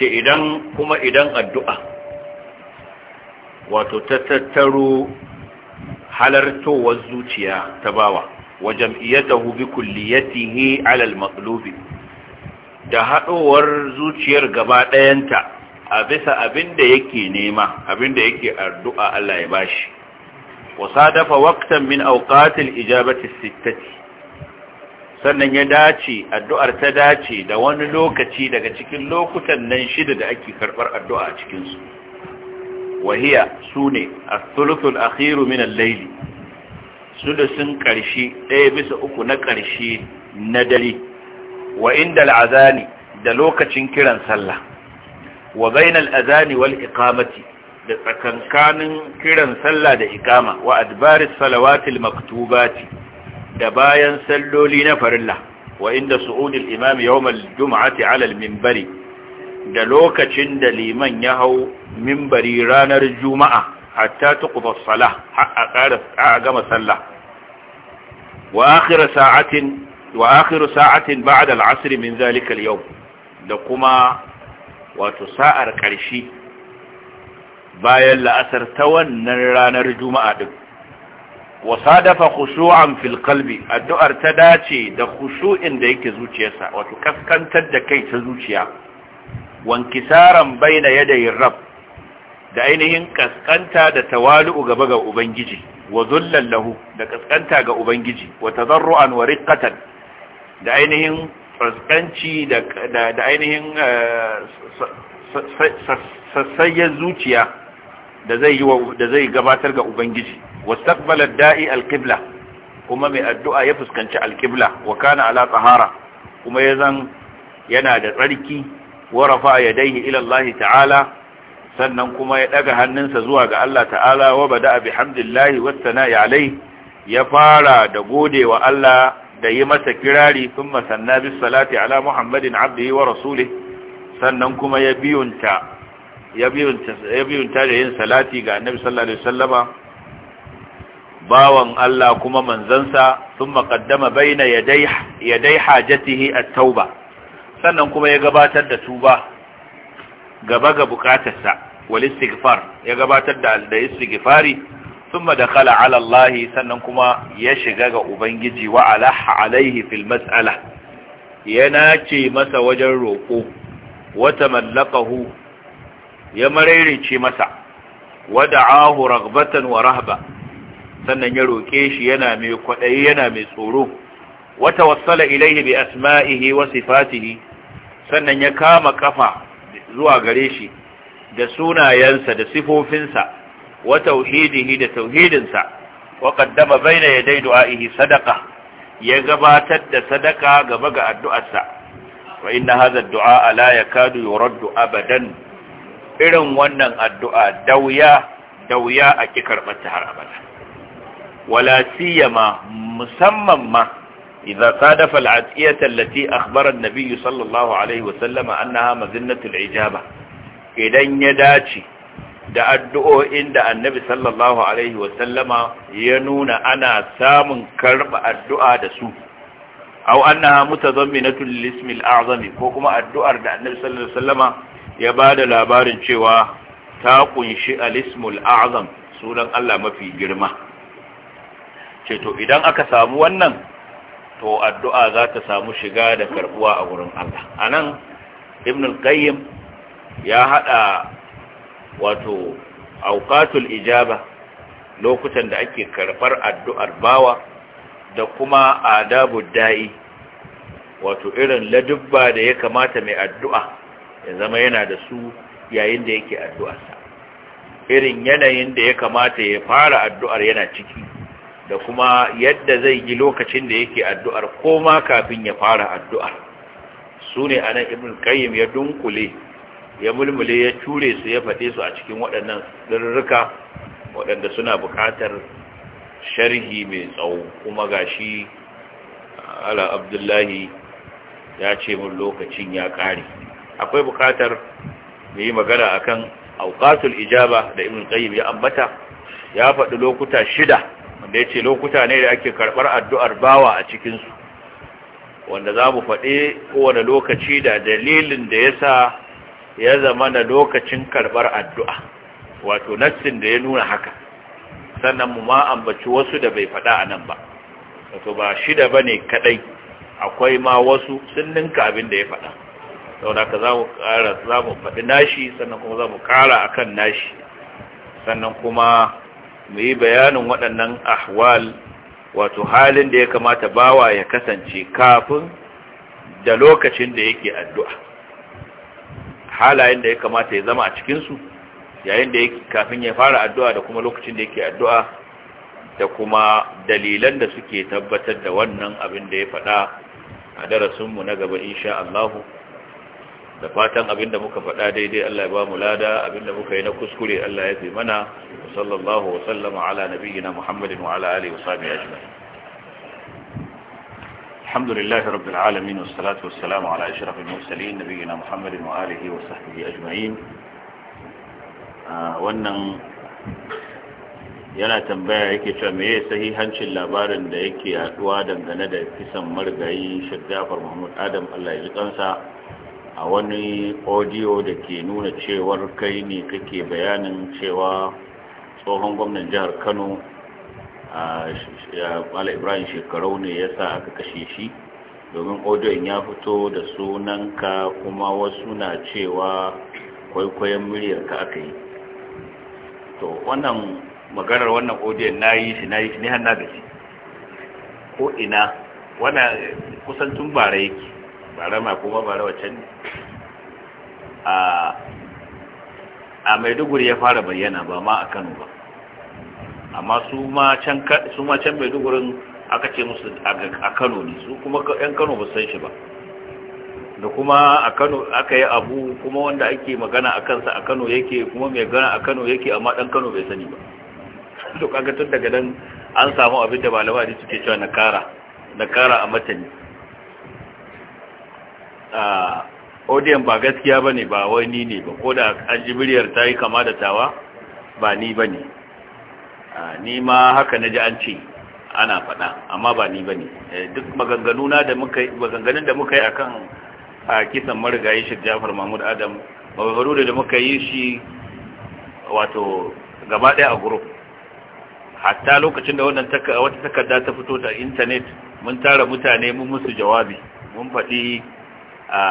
Speaker 2: ce idan kuma idan addu'a wato ta tattaro halartowar zuciya ta bawa wa jam'iyyatahu bi kulliyatihi ala al-maqlubi da haɗowar zuciyar gaba ɗayanta a bisa abinda yake nema abinda yake addu'a Allah ya bashi wa dafa waqtan min awqatil ijabati sittati sannan ya dace addu'ar ta dace da wani lokaci daga cikin lokutan nan shida da ake karɓar addu'a a cikinsu wahiya su ne a thuluthul akhiru min Su da sun ƙarshe ɗaya bisa uku na ƙarshe na dare wa inda al'azani da lokacin kiran sallah wa bainal azani wal iqamati da tsakankanin kiran sallah da iqama wa adbaris salawatil maktubati da bayan salloli na farilla wa inda su'udul imam yawmal jum'ati 'ala al-minbari da lokacin da liman ya hau minbari ranar juma'a hatta tuqfa as-salah a gama sallah wa akhir sa'atin wa akhir sa'atin ba'da al-'asr min zalika al-yawm da kuma wato sa'ar ƙarshe bayan la'asar ta wannan ranar juma'a din wasa dafa khushu'an fil qalbi addu'ar ta dace da khushu'in da yake zuciyarsa wato kaskantar da kai ta zuciya wankisaran baina yadayin rab da ainihin kaskanta da tawalu'u gaba ga ubangiji wa zullan lahu da kaskanta ga ubangiji wa tadarru'an wa riqqatan da ainihin kaskanci da da ainihin eh, sassayen zuciya da zai yi da zai gabatar ga ubangiji wastaqbala da'i alqibla kuma mai addu'a ya fuskanci alkibla wa kana ala tsahara kuma yazan yana da tsarki warafa ya yadayhi ilallahi ta'ala sannan kuma ya ɗaga hannunsa zuwa ga Allah ta'ala wa bada'a bihamdillahi wassana'i alayhi ya fara da godewa Allah da yi masa kirari sun sanna bis salati ala Muhammadin abdihi wa rasulihi sannan kuma ya biyunta ya biyunta da yin salati ga Annabi sallallahu alaihi wasallama bawan Allah kuma manzansa sun maƙaddama bai na dai hajjatihi a tauba sannan kuma ya gabatar da tuba gaba ga bukatarsa wal ya gabatar da da istighfari thumma dakhala ala Allah sannan kuma ya shiga ga ubangiji wa alaha alaihi fil mas'ala yana ce masa wajen roƙo wa tamallaqahu ya marerece masa wa da'ahu raghbatan wa rahba sannan ya roƙe shi yana mai kwaɗayi yana mai tsoro wata wasala ilaihi bi asma'ihi wa sifatihi sannan ya kama kafa zuwa gare shi da sunayensa da sifofinsa wa tauhidihi da tauhidinsa wa qaddama baina yaday du'aihi sadaqa ya gabatar da sadaka gaba ga addu'arsa wa inna hadha ad-du'a la yakadu yuraddu abadan irin wannan addu'a dauya dauya a ƙi karɓar ta har abada wala siyama musamman ma إذا صادف العتية التي أخبر النبي صلى الله عليه وسلم أنها مذنة idan ya dace da addu'o'in da annabi sallallahu Alaihi wasallama ya nuna ana samun karɓa addu'a da su, au an na muta zambi azami ko kuma addu'ar da annabi sallallahu Alaihi wasallama ya ba da labarin cewa ta kunshi ƙunshi alismul azam sunan Allah mafi girma. ce to idan aka samu wannan to addu'a za ta samu shiga da karbuwa a wurin Allah anan ibn al-qayyim ya haɗa wato aukatul ijaba lokutan da ake karbar addu'ar bawa da kuma adabu da'i wato irin ladubba da ya kamata mai addu'a ya zama yana da su yayin da yake addu'arsa irin yanayin da ya kamata ya fara addu'ar yana ciki da kuma yadda zai yi lokacin da yake addu'ar ko ma kafin ya fara addu'ar su ne anan ibn qayyim ya dunkule ya mulmule ya ture su ya faɗe su a cikin waɗannan tsirrika waɗanda suna buƙatar sharhi mai tsawo kuma gashi ala abdullahi ya ce mun lokacin ya ƙare akwai buƙatar mu yi magana akan auqatul ijaba da ibn qayyim ya ambata ya faɗi lokuta shida wanda ya ce lokuta ne da ake karɓar addu'ar bawa a cikinsu wanda za mu faɗi kowane lokaci da dalilin da ya sa ya zama na lokacin karɓar addu'a wato nassin da ya nuna haka sannan mu ma ambaci wasu da bai faɗa a nan ba wato ba shida ba ne kaɗai akwai ma wasu sun ninka abin da ya faɗa sau da za mu faɗi nashi sannan kuma za mu ƙara akan nashi sannan kuma mu yi bayanin waɗannan ahwal wato halin da ya kamata bawa ya kasance kafin da lokacin da yake addu'a halayen da ya kamata ya zama a cikinsu yayin da kafin ya fara addu'a da kuma lokacin da yake addu'a da kuma dalilan da suke tabbatar da wannan abin da ya faɗa a darasinmu na gaba insha Allahu da fatan abinda muka faɗa daidai Allah ya ba mu lada abinda muka yi na kuskure Allah ya fi mana sallallahu wa sallama ala nabiyyina Muhammadin wa ala alihi wa sahbihi ajma'in alhamdulillahi rabbil alamin was salatu was salamu ala ashrafil mursalin nabiyyina Muhammadin wa alihi wa sahbihi ajma'in wannan yana tambaya yake cewa meye sahihancin labarin da yake yaduwa dangane da kisan marigayi Sheikh Jafar Muhammad Adam Allah ya ji kansa a wani audio da ke nuna cewar kai ne kake bayanin cewa tsohon gwamnan jihar kano ala ibrahim shekaru ne ya sa aka kashe shi domin audio ya fito da sunanka kuma wasu na cewa kwaikwayon muryarka aka yi to wannan maganar wannan audio na yi shi na yi shi ne hannu da shi ko ina wannan kusan tun bara yake barama kuma barawa can ne a maiduguri ya fara bayyana ba ma a kano ba amma su ma can maidugurin aka ce musu a kano ne su kuma 'yan kano ba san shi ba da kuma a kano aka yi abu kuma wanda ake magana a kansa a kano yake kuma mai gana a kano yake amma dan kano bai sani ba duk agatun tun daga nan an samu abin da malama da suke cewa na kara a matani odiyan ba gaskiya ba ne ba wani ne ba ko da aljibiriyar ta yi kama da tawa ba ni ba ne ni ma haka na ji an ce ana faɗa amma ba ni ba ne eh, duk maganganun da muka yi a kan a kisan marigayi shi jafar mahmud adam maganganu da muka yi shi wato gaba ɗaya a group hatta lokacin da wannan wata takarda ta fito ta intanet mun tara mutane mun musu jawabi mun faɗi a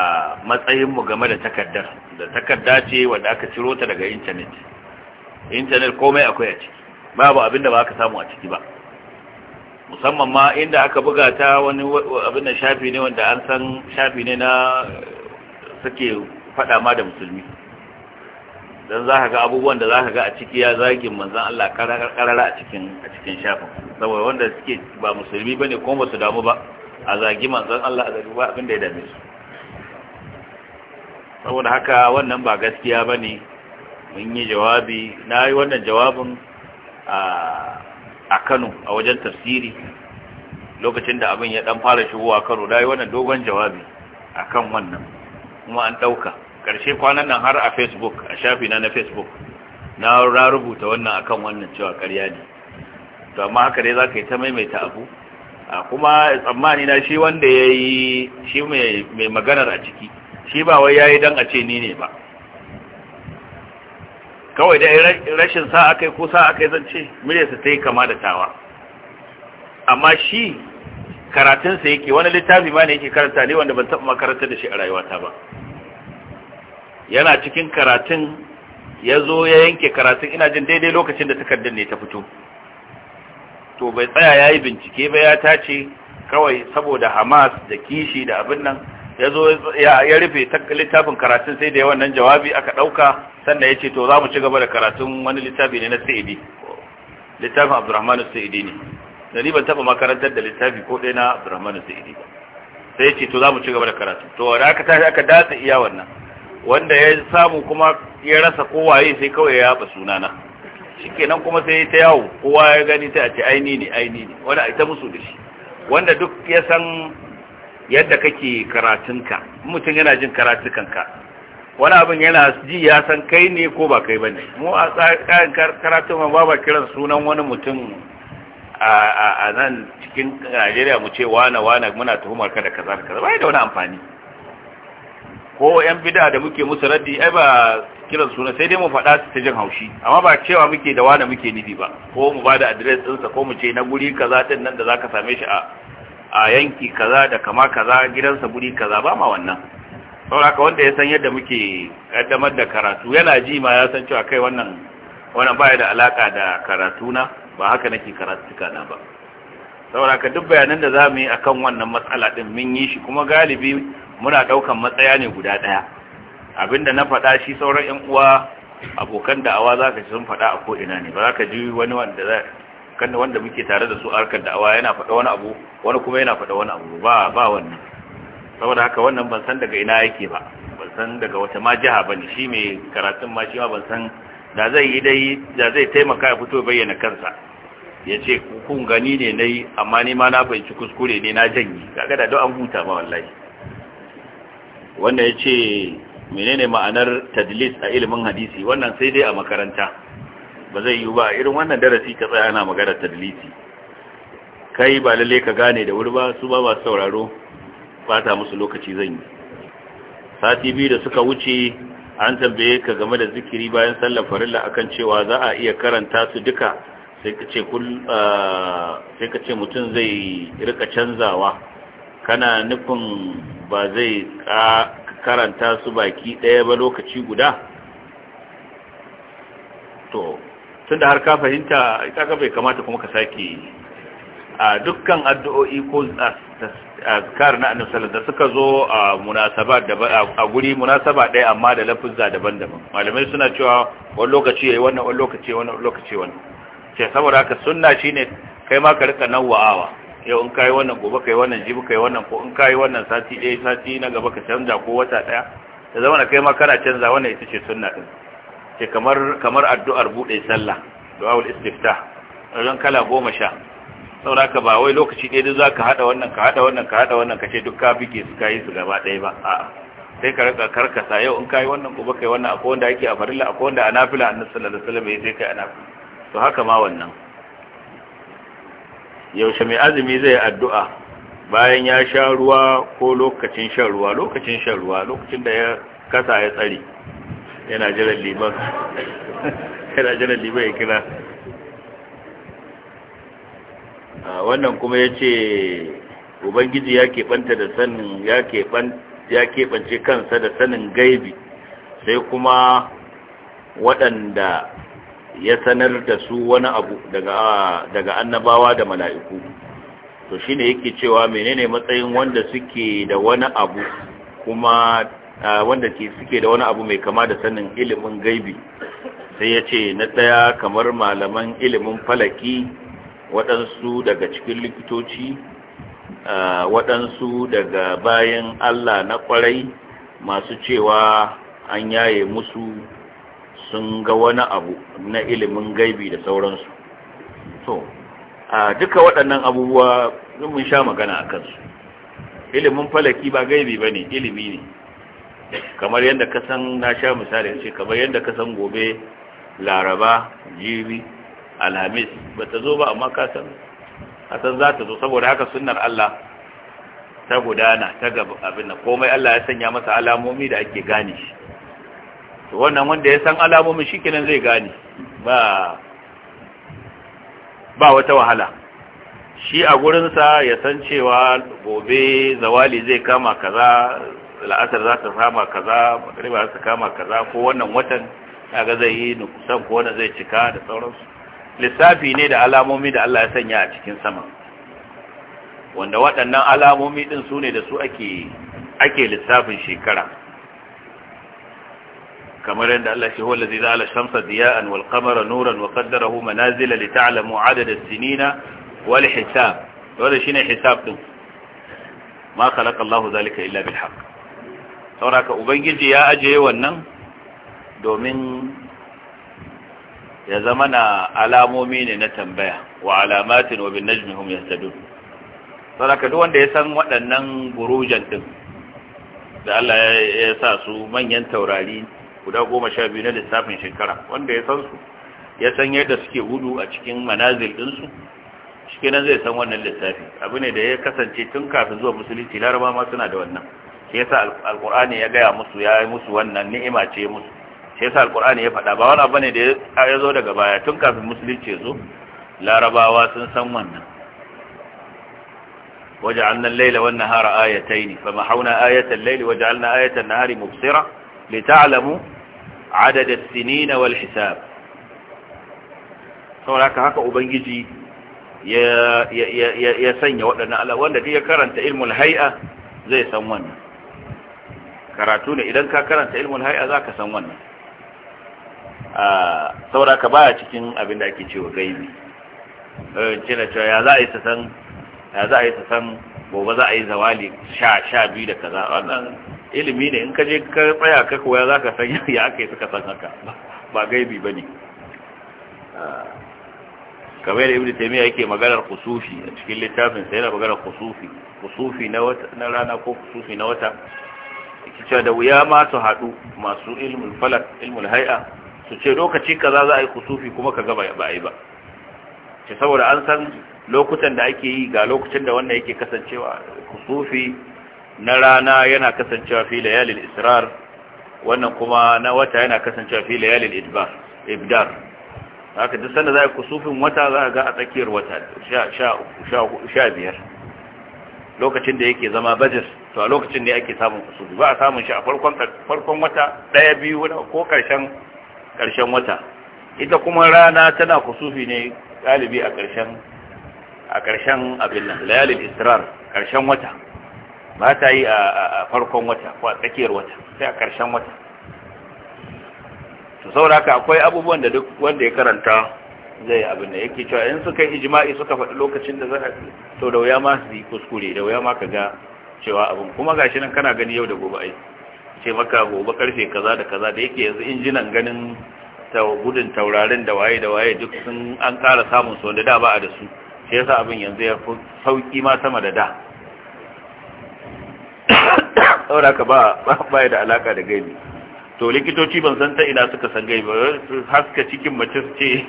Speaker 2: matsayinmu game da takardar da takarda ce wanda aka ciro ta daga intanet intanet komai akwai a ciki babu abin da ba aka samu a ciki ba musamman ma inda aka buga ta wani abin da shafi ne wanda an san shafi ne na suke fada ma da musulmi don za ka ga abubuwan da za ka ga a ciki ya zagin manzan Allah karara a cikin shafin saboda wanda suke ba musulmi ba ne kuma ba su damu ba a zagi manzan Allah a zagi ba abin da ya dame su saboda haka wannan ba gaskiya ba ne mun yi jawabi na yi wannan jawabin a kano a wajen tafsiri lokacin da abin ya dan fara shigo a kano na yi wannan dogon jawabi a kan wannan kuma an ɗauka ƙarshe kwanan nan har a facebook a shafina na facebook na rubuta wannan a kan wannan cewa ƙarya ne to amma haka dai za ka yi ta maimaita abu kuma tsammani na shi wanda ya yi shi mai maganar a ciki shi ba wai yayi dan a ce ni ne ba kawai da rashin sa akai ko sa akai zance muryarsa ta yi kama da tawa amma shi karatunsa yake wani littafi ma ne yake karanta ne wanda ban taɓa makaranta da shi a rayuwata ba yana cikin karatun ya zo ya yanke karatun ina jin daidai lokacin da takardar ne ta fito to bai tsaya ya yi bincike ba ya tace kawai saboda hamas da kishi da abin nan ya zo ya rufe littafin karatun sai da yawan nan jawabi aka ɗauka sannan ya ce to za mu ci gaba da karatun wani littafi ne na sa'idi littafin abdurrahmanu sa'idi ne da ni ban taɓa makarantar da littafi ko ɗaya na abdurrahmanu sa'idi ba sai ya ce to za mu ci gaba da karatu to da aka tashi aka datsa iya wannan wanda ya samu kuma ya rasa kowaye sai kawai ya yaba sunana shikenan kuma sai ta yawo kowa ya gani ta ce aini ne aini ne wanda ita musu da shi wanda duk ya san yadda kake karatunka mutum yana jin karatukanka wani abin yana ji ya san kai ne ko ba kai ba ne mu a tsarin karatun ma ba ba kiran sunan wani mutum a nan cikin najeriya mu ce wana wana muna tuhumar ka da kaza da kaza bai da wani amfani ko yan bida da muke musu raddi ai ba kiran suna sai dai mu faɗa su ta jin haushi amma ba cewa muke da wani muke nufi ba ko mu bada da adres ɗinsa ko mu ce na guri kaza ɗin nan da za ka same shi a a yanki kaza da kama kaza gidansa guri kaza ba ma wannan sauraka wanda ya san yadda muke kaddamar da karatu yana ji ma ya san cewa kai wannan wannan baya da alaka da karatu na ba haka nake karatuka na ba sauraka duk bayanan da zamu yi akan wannan matsala din mun yi shi kuma galibi muna daukan matsaya ne guda daya abinda na faɗa shi sauran 'yan uwa abokan da'awa zaka ji sun faɗa a ko ina ne ba zaka ji wani wanda abokan wanda muke tare da su a harkar da'awa yana faɗa wani abu wani kuma yana faɗa wani abu ba ba wannan saboda haka wannan ban san daga ina yake ba ban san daga wata ma jiha bane shi mai karatun ma shi ma ban san da zai yi dai da zai taimaka ya fito bayyana kansa ya ce kun gani ne nayi amma ni ma na fahimci kuskure ne na janye kaga da duk an huta ma wallahi Wannan ya ce menene ma'anar tadlis a ilimin hadisi wannan sai dai a makaranta ba zai yi ba irin wannan darasi ka tsaya ana magana tadlisi kai ba lalle ka gane da wuri ba su ba ba sauraro ta musu lokaci zan yi sati biyu da suka wuce an tambaye ka game da zikiri bayan sallar farilla akan cewa za a iya karanta su duka sai ka ce kul ah, sai ka ce mutum zai rika canzawa kana nufin ba zai karanta su baki ɗaya ba lokaci guda to tunda har ka fahimta ka bai kamata kuma ka sake a dukkan addu'o'i ko azkar na annabi sallallahu da suka zo a munasaba a guri munasaba ɗaya amma da lafuzza daban-daban malamai suna cewa wani lokaci yayi wannan wani lokaci wani lokaci wani sai saboda haka sunna shine kai ma ka rika nawa'awa yau in kai wannan gobe kai wannan jibi kai wannan ko in kai wannan sati ɗaya sati na gaba ka canza ko wata ɗaya da zama kai ma kana canza wannan ita ce sunna din ce kamar kamar addu'ar bude sallah du'aul istiftah ran kala goma sha saboda ka ba wai lokaci ɗaya duk zaka hada wannan ka hada wannan ka hada wannan ka ce duk ka bige su kai su gaba ɗaya ba a'a sai ka raka karkasa yau in kai wannan gobe kai wannan akwai wanda yake a farilla akwai wanda a nafila annabi sallallahu alaihi wasallam sai kai a nafila to haka ma wannan yaushe mai azumi zai addu'a bayan ya sha ruwa ko lokacin shan ruwa lokacin shan ruwa lokacin da ya kasa ya tsare yana jiran liman yana jiran liman ya kira wannan kuma ya ce ubangiji ya keɓanta da sanin ya keɓance kansa da sanin gaibi sai kuma waɗanda ya sanar da su wani abu daga annabawa da mala'iku to shine yake cewa menene matsayin wanda suke da wani abu kuma wanda ke suke da wani abu mai kama da sanin ilimin gaibi sai ya ce na ɗaya kamar malaman ilimin falaki waɗansu daga cikin likitoci waɗansu daga bayan Allah na ƙwarai masu cewa an yaye musu sun ga wani abu na ilimin gaibi da sauransu to a duka waɗannan abubuwa mun sha magana a kansu ilimin falaki ba gaibi ba ne ilimi ne kamar yadda ka san na sha misali ce kamar yadda ka san gobe laraba jibi alhamis ba ta zo ba amma ka san hasan za ta zo saboda haka sunnar Allah ta gudana ta gaba abin komai Allah ya sanya masa alamomi da ake gane shi to wannan wanda ya san alamomin shikenan zai gane ba ba wata wahala shi a gurinsa ya san cewa gobe zawali zai kama kaza la'asar za ta kama kaza magariba za ta kama kaza ko wannan watan ga zai yi nukusan ko wannan zai cika da sauransu lissafi ne da alamomi da Allah ya sanya a cikin sama wanda waɗannan alamomi ɗin su ne da su ake ake lissafin shekara kamar yadda Allah shi huwa zai ala shamsa diya'an wal qamara nuran wa qaddarahu manazila li ta'lamu adada sinina wal hisab wanda shine hisab din ma khalaqa Allah zalika illa bil haqq sauraka ubangiji ya ajiye wannan domin ya zama na alamomi ne na tambaya wa alamatin wa bin najmi hum yahtadun sauraka duk wanda ya san waɗannan burujan din da Allah ya sa su manyan taurari guda goma sha biyu na lissafin shekara wanda ya san su ya san yadda suke hudu a cikin manazil ɗinsu shi kenan zai san wannan lissafi abu ne da ya kasance tun kafin zuwa musulunci laraba ma suna da wannan shi yasa alqur'ani ya gaya musu ya yi musu wannan ni'ima ce musu shi yasa alqur'ani ya faɗa ba wani abu ne da ya zo daga baya tun kafin musulunci zo larabawa sun san wannan layla وجعلنا الليل والنهار آيتين فمحونا آية الليل وجعلنا آية النهار مبصرة لتعلموا sinina wal hisab saboda haka ubangiji ya sanya waɗannan ala wanda duk ya karanta ilmul hay'a zai san wannan karatu ne idan ka karanta ilmul hay'a za ka san wannan saboda ka baya cikin abin da ake cewa gaibi eh, cina cewa ya za a yi san ya za a yi ta san gobe za a yi zawali sha sha biyu da kaza wannan ilimi ne in ka je ka tsaya ka koya za ka san ya aka suka san haka ba gaibi ba ne kamar da ibn taymiya yake maganar kusufi a cikin littafin sai yana maganar kusufi kusufi na rana ko kusufi na wata cewa da wuya ma su haɗu masu ilmul falak ilmul hai'a su ce lokaci kaza za a yi kusufi kuma ka gaba ba a yi ba ce saboda an san lokutan da ake yi ga lokacin da wannan yake kasancewa kusufi na rana yana kasancewa fi layalil israr wannan kuma na wata yana kasancewa fi layalil idbar ibdar haka duk sanda za a yi kusufin wata za a ga a tsakiyar wata sha biyar. lokacin da yake zama bajis to a lokacin ne ake samun kusuri ba a samun shi a farkon farkon wata daya biyu ko karshen karshen wata ita kuma rana tana kusufi ne galibi a karshen a karshen abin nan layalin israr karshen wata ba ta yi a farkon wata ko a tsakiyar wata sai a karshen wata to saboda haka akwai abubuwan da duk wanda ya karanta zai abin da yake cewa in suka yi ijma'i suka faɗi lokacin da zaka to da wuya ma su yi kuskure da wuya ma ka ga cewa abin kuma gashi nan kana gani yau da gobe ai ce maka gobe karfe kaza da kaza da yake yanzu injinan ganin ta gudun taurarin da waye da waye duk sun an kara samun su wanda da ba a da su shi yasa abin yanzu ya fi sauki ma sama da da saboda ka ba ba da alaka da gaibi to likitoci ban san ta ina suka san gaibi haska cikin mace ce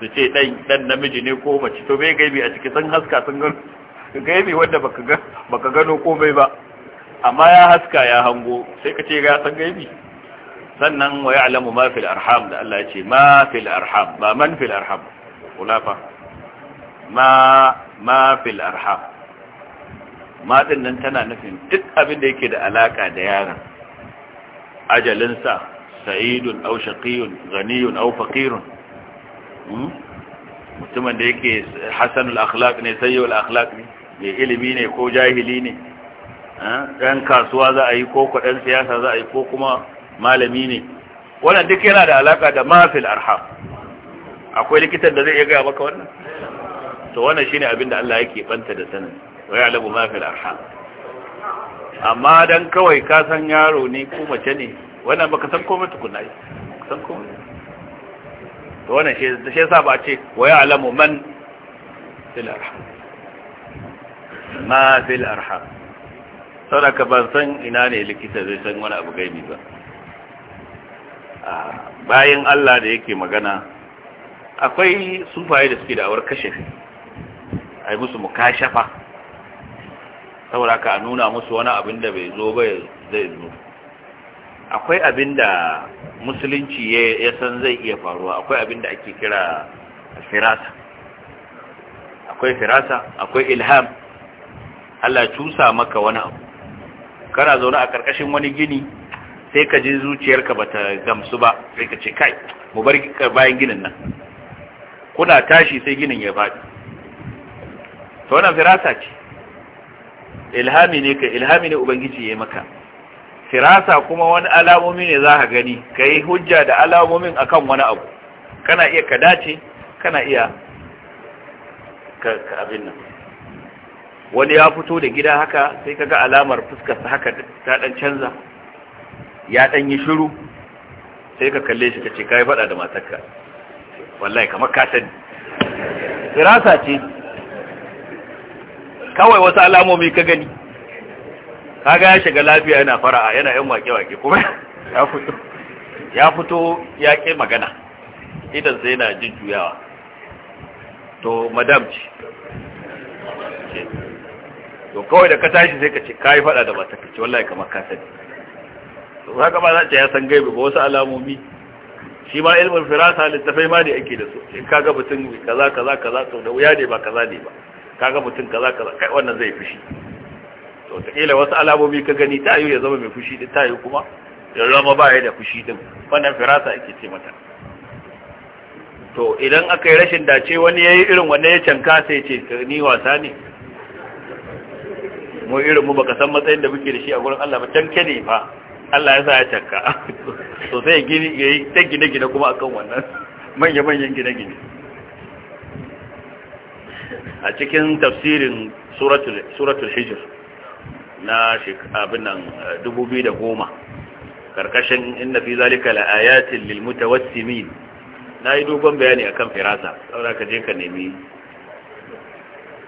Speaker 2: su ce dan namiji ne ko mace to bai gaibi a ciki sun haska sun gano gaibi wanda baka gano komai ba amma ya haska ya hango sai ka ce ga san gaibi sannan wa ya'lamu ma fil arham da Allah ya ce ma fil arham ba man fil arham kulafa ma ma fil arham ma din nan tana nufin duk abin da yake da alaka da yaron ajalinsa sa'idun aw shaqiyun ghaniyun aw faqirun Hmm? mutumin da yake hasanul akhlaq ne sayyul akhlaq ne mai ilimi ne ko jahili ne ɗan kasuwa za a yi ko kuɗin siyasa za a yi ko kuma malami ne wannan duk yana da alaka da mafil arham akwai likitan da zai iya gaya maka wannan to wannan shine abin da Allah yake banta da sanin wa ya'lamu mafil arham amma dan kawai ka san yaro ne ko mace ne wannan baka san komai tukunna san komai to wannan shi shi ba ce wa ya alamu man fil arham ma fil arham ban san ina ne likita zai san wani abu gaibi ba bayan Allah da yake magana akwai sufaye da suke da awar kashe ai musu mukashafa saboda ka nuna musu wani abin da bai zo ba zai zo akwai abin da musulunci ya san zai iya faruwa akwai abin da ake kira firasa akwai firasa akwai ilham Allah cusa maka wani abu kana zaune a ƙarƙashin wani gini sai ka ji zuciyarka ba ta gamsu ba sai ka ce kai mu bar bayan ginin nan kuna tashi sai ginin ya faɗi to wannan firasa ce ilhami ne ka ilhami ne ubangiji ya maka firasa kuma wani alamomi ne za ka gani ka yi hujja da alamomin akan wani abu kana iya ka dace kana iya ka abin nan wani ya fito da gida haka sai kaga alamar fuskarsa haka ta dan canza ya dan yi shiru sai ka kalle shi ka ce kai fada da matarka wallahi kamar ka sani firasa ce kawai wasu alamomi ka gani kaga ya shiga lafiya yana fara'a yana yan wake-wake kuma ya fito ya fito ya ke magana idan sai yana jujjuyawa to madam ce to kawai da ka tashi sai ka ce ka yi fada da ta kace wallahi kamar ka sani to haka ba za ta ya san gaibe ba wasu alamomi shi ma ilmin firasa littafai ma ne ake da su in ga mutum kaza kaza kaza to da wuya ne ba kaza ne ba Ka ga mutum kaza kaza kai wannan zai fushi wataƙila wasu alamomi ka gani ta ya zama mai fushi din ta kuma ya zama ba ya da fushi din wannan firasa ake ce mata to idan aka yi rashin dace wani ya yi irin wanne ya canka sai ce ni wasa ne mu irin mu baka san matsayin da muke da shi a gurin Allah ba canke ne fa Allah ya sa ya canka to sai ya gini ya yi ta gine-gine kuma akan wannan manya-manyan gine-gine a cikin tafsirin suratul hijr na abin nan 2010 eh, karkashin inna fi zalika laayatin lil Na yi dogon bayani akan firasa saboda ka je ka nemi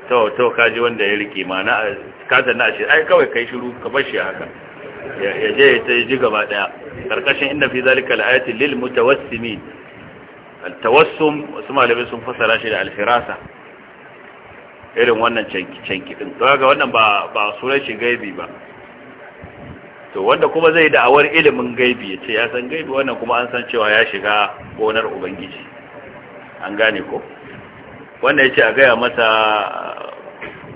Speaker 2: to to kaji wanda ya rike mana ka zanna shi ai kawai kai shiru ka bar shi haka ya je ya ji gaba daya karkashin inna fi zalika laayatin lil mutawassimin al tawassum wasu malamai sun fasara shi da al firasa irin wannan canki din to ga wannan ba sunan shi gaibi ba to wanda kuma zai da'awar ilimin gaibi ya ce ya san gaibi wannan kuma an san cewa ya shiga gonar ubangiji an gane ko Wannan ya ce a gaya masa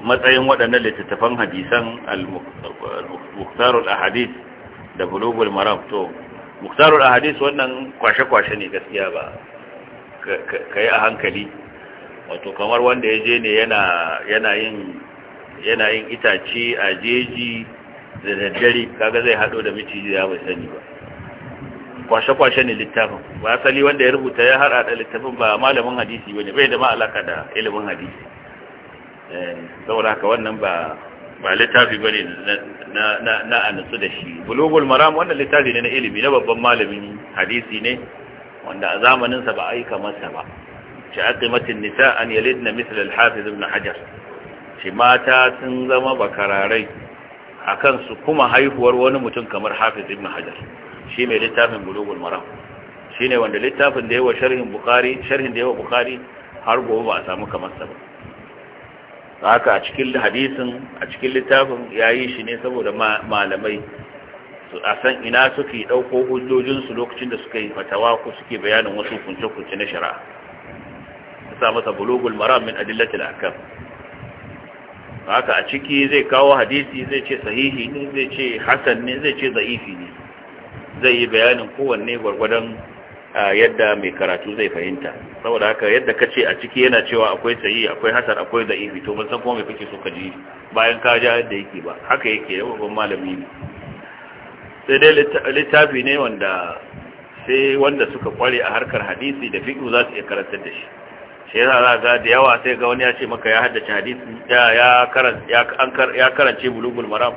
Speaker 2: matsayin waɗannan littattafan hadisan al-muktarul ahadith da bulugul maram to muktarul ahadith wannan kwashe-kwashe ne gaskiya ba ka yi a hankali wato kamar wanda ya je ne yana yin itace a jeji da daddare kaga zai hado da miciji ya bai sani ba kwashe-kwashe ne littafin ba asali wanda ya rubuta ya harada littafin ba malamin hadisi ne bai da ma'alaka da ilimin hadisi eh, saboda haka wannan ba ba littafi ba ne na anasu da shi bulugul maram wannan littafi ne na ilimi na babban malamin hadisi ne wanda a zamaninsa ba aika masa ba aqimatin nisa an yalidna mithla al-hafiz ibn hajar shi mata sun zama bakararai akan su kuma haihuwar wani mutum kamar hafiz ibn hajar shi mai littafin bulugul maram shine wanda littafin da yawa sharhin bukhari sharhin da yawa bukhari har gobe ba a samu kamar sa ba haka a cikin hadisin a cikin littafin yayi shi ne saboda malamai su a san ina suke ɗauko hujjojinsu lokacin da suka yi fatawa ko suke bayanin wasu kunce-kunce na shari'a sa masa bulugul maram min adillatil ahkam haka a ciki zai kawo hadisi zai ce sahihi ne zai ce hasan ne zai ce dhaifi ne zai yi bayanin kowanne gwargwadon yadda mai karatu zai fahimta saboda haka yadda ka a ciki yana cewa akwai sahihi akwai hasan akwai dhaifi to mun san kuma mai kake so ka ji bayan ka ji yadda yake ba haka yake babban malami ne sai dai littafi ne wanda sai wanda suka kware a harkar hadisi da fiqh za su iya karantar da shi shi yasa za ga da yawa sai ga wani ya ce maka ya haddace hadisi ya ya karance bulugul maram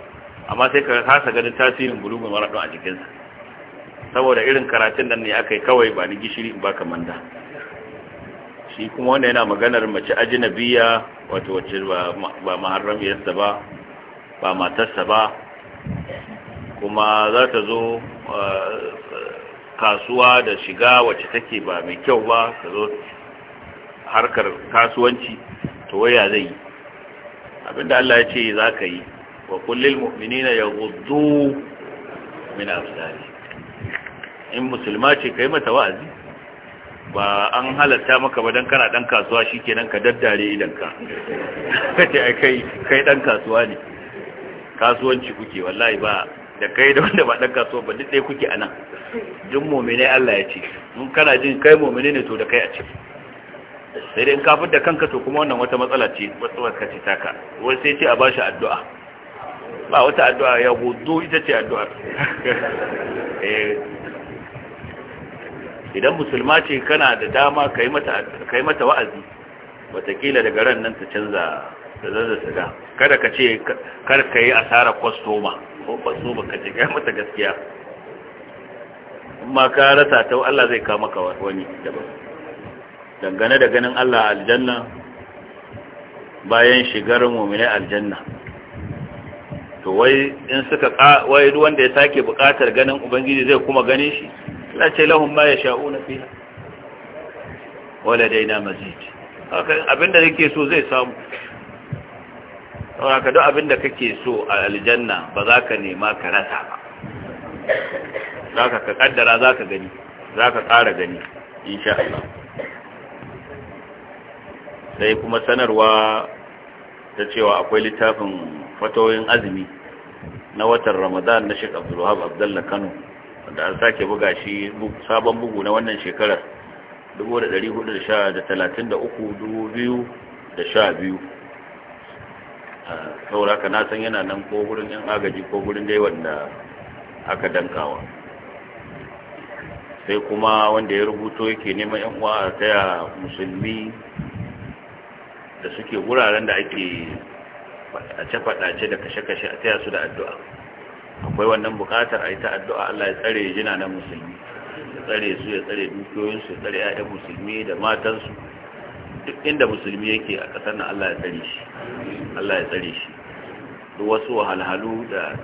Speaker 2: amma sai ka kasa ganin tasirin bulugul maram din a jikinsa saboda irin karatun nan ne aka yi kawai ba ni gishiri ba ka manda shi kuma wanda yana maganar mace ajnabiya wato wacce ba maharramiyarsa ba ba matarsa ba kuma za ta zo eh, kasuwa da shiga wacce take ba mai kyau ba ka zo harkar kasuwanci to waya zai yi abinda Allah ya ce za ka yi wa kullil mu'minina yaghuddu min afsari in musulma ce kai mata wa'azi ba an halatta maka ba dan kana dan kasuwa shikenan ka daddare idan ka kace ai kai kai dan kasuwa ne kasuwanci kuke wallahi ba da kai da wanda ba dan kasuwa ba duk dai kuke anan Jin mu'mine Allah ya ce mun kana jin kai mu'mine ne to da kai a ce. sai dai in ka da kanka to kuma wannan wata matsala ce wasu wasu kace taka wai sai ce a ba shi addu'a ba wata addu'a ya hudu ita ce addu'a eh. idan musulma ce kana da dama ka yi mata wa'azi watakila daga ran nan ta canza da zan zasu kada ka ce kar ka yi asara kwastoma ko kwastoma ka ce kai mata gaskiya ma ka rasa ta Allah zai kama ka wani daban dangane da ganin Allah aljanna bayan shigar mummune aljanna to wai in suka wai wanda ya sake buƙatar ganin ubangiji zai kuma gane shi la ce lahum ma yasha'una fiha wala daina mazid haka abinda nake so zai samu haka duk abinda kake so a aljanna ba za ka nema ka rasa ba za ka kaddara za ka gani za ka ƙara gani insha Allah sai kuma sanarwa ta cewa akwai littafin fatoyin azumi na watan ramadan na shi abdullahab abdullahi kano wanda an sake buga shi sabon bugu na wannan shekarar 1433 ah, sauraka na san yana nan ko wurin yan agaji ko wurin dai wanda aka dankawa sai kuma wanda ya rubuto yake neman yan uwa a taya musulmi da suke wuraren da ake faɗace-faɗace da kashe-kashe a taya su da addu'a akwai wannan buƙatar a yi ta addu'a Allah ya tsare jina na musulmi ya tsare su ya tsare dukiyoyinsu ya tsare 'ya'yan musulmi da matansu duk inda musulmi yake a ƙasar nan Allah ya tsare shi Allah ya tsare shi duk wasu wahalhalu da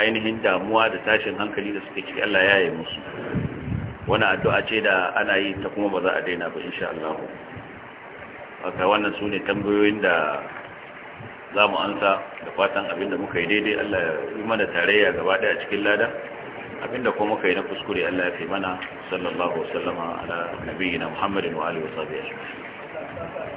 Speaker 2: ainihin damuwa da tashin hankali da suke ciki Allah ya yi musu wani addu'a ce da ana yi ta kuma ba za a daina ba insha Allah haka wannan su ne tambayoyin da za mu ansa da fatan abinda muka yi daidai Allah ya yi mana tarayya gaba daya cikin lada abinda kuma muka yi na kuskure Allah ya fi mana sallallahu wasallama ala nabiyyina Muhammadin wa alihi wa sahbihi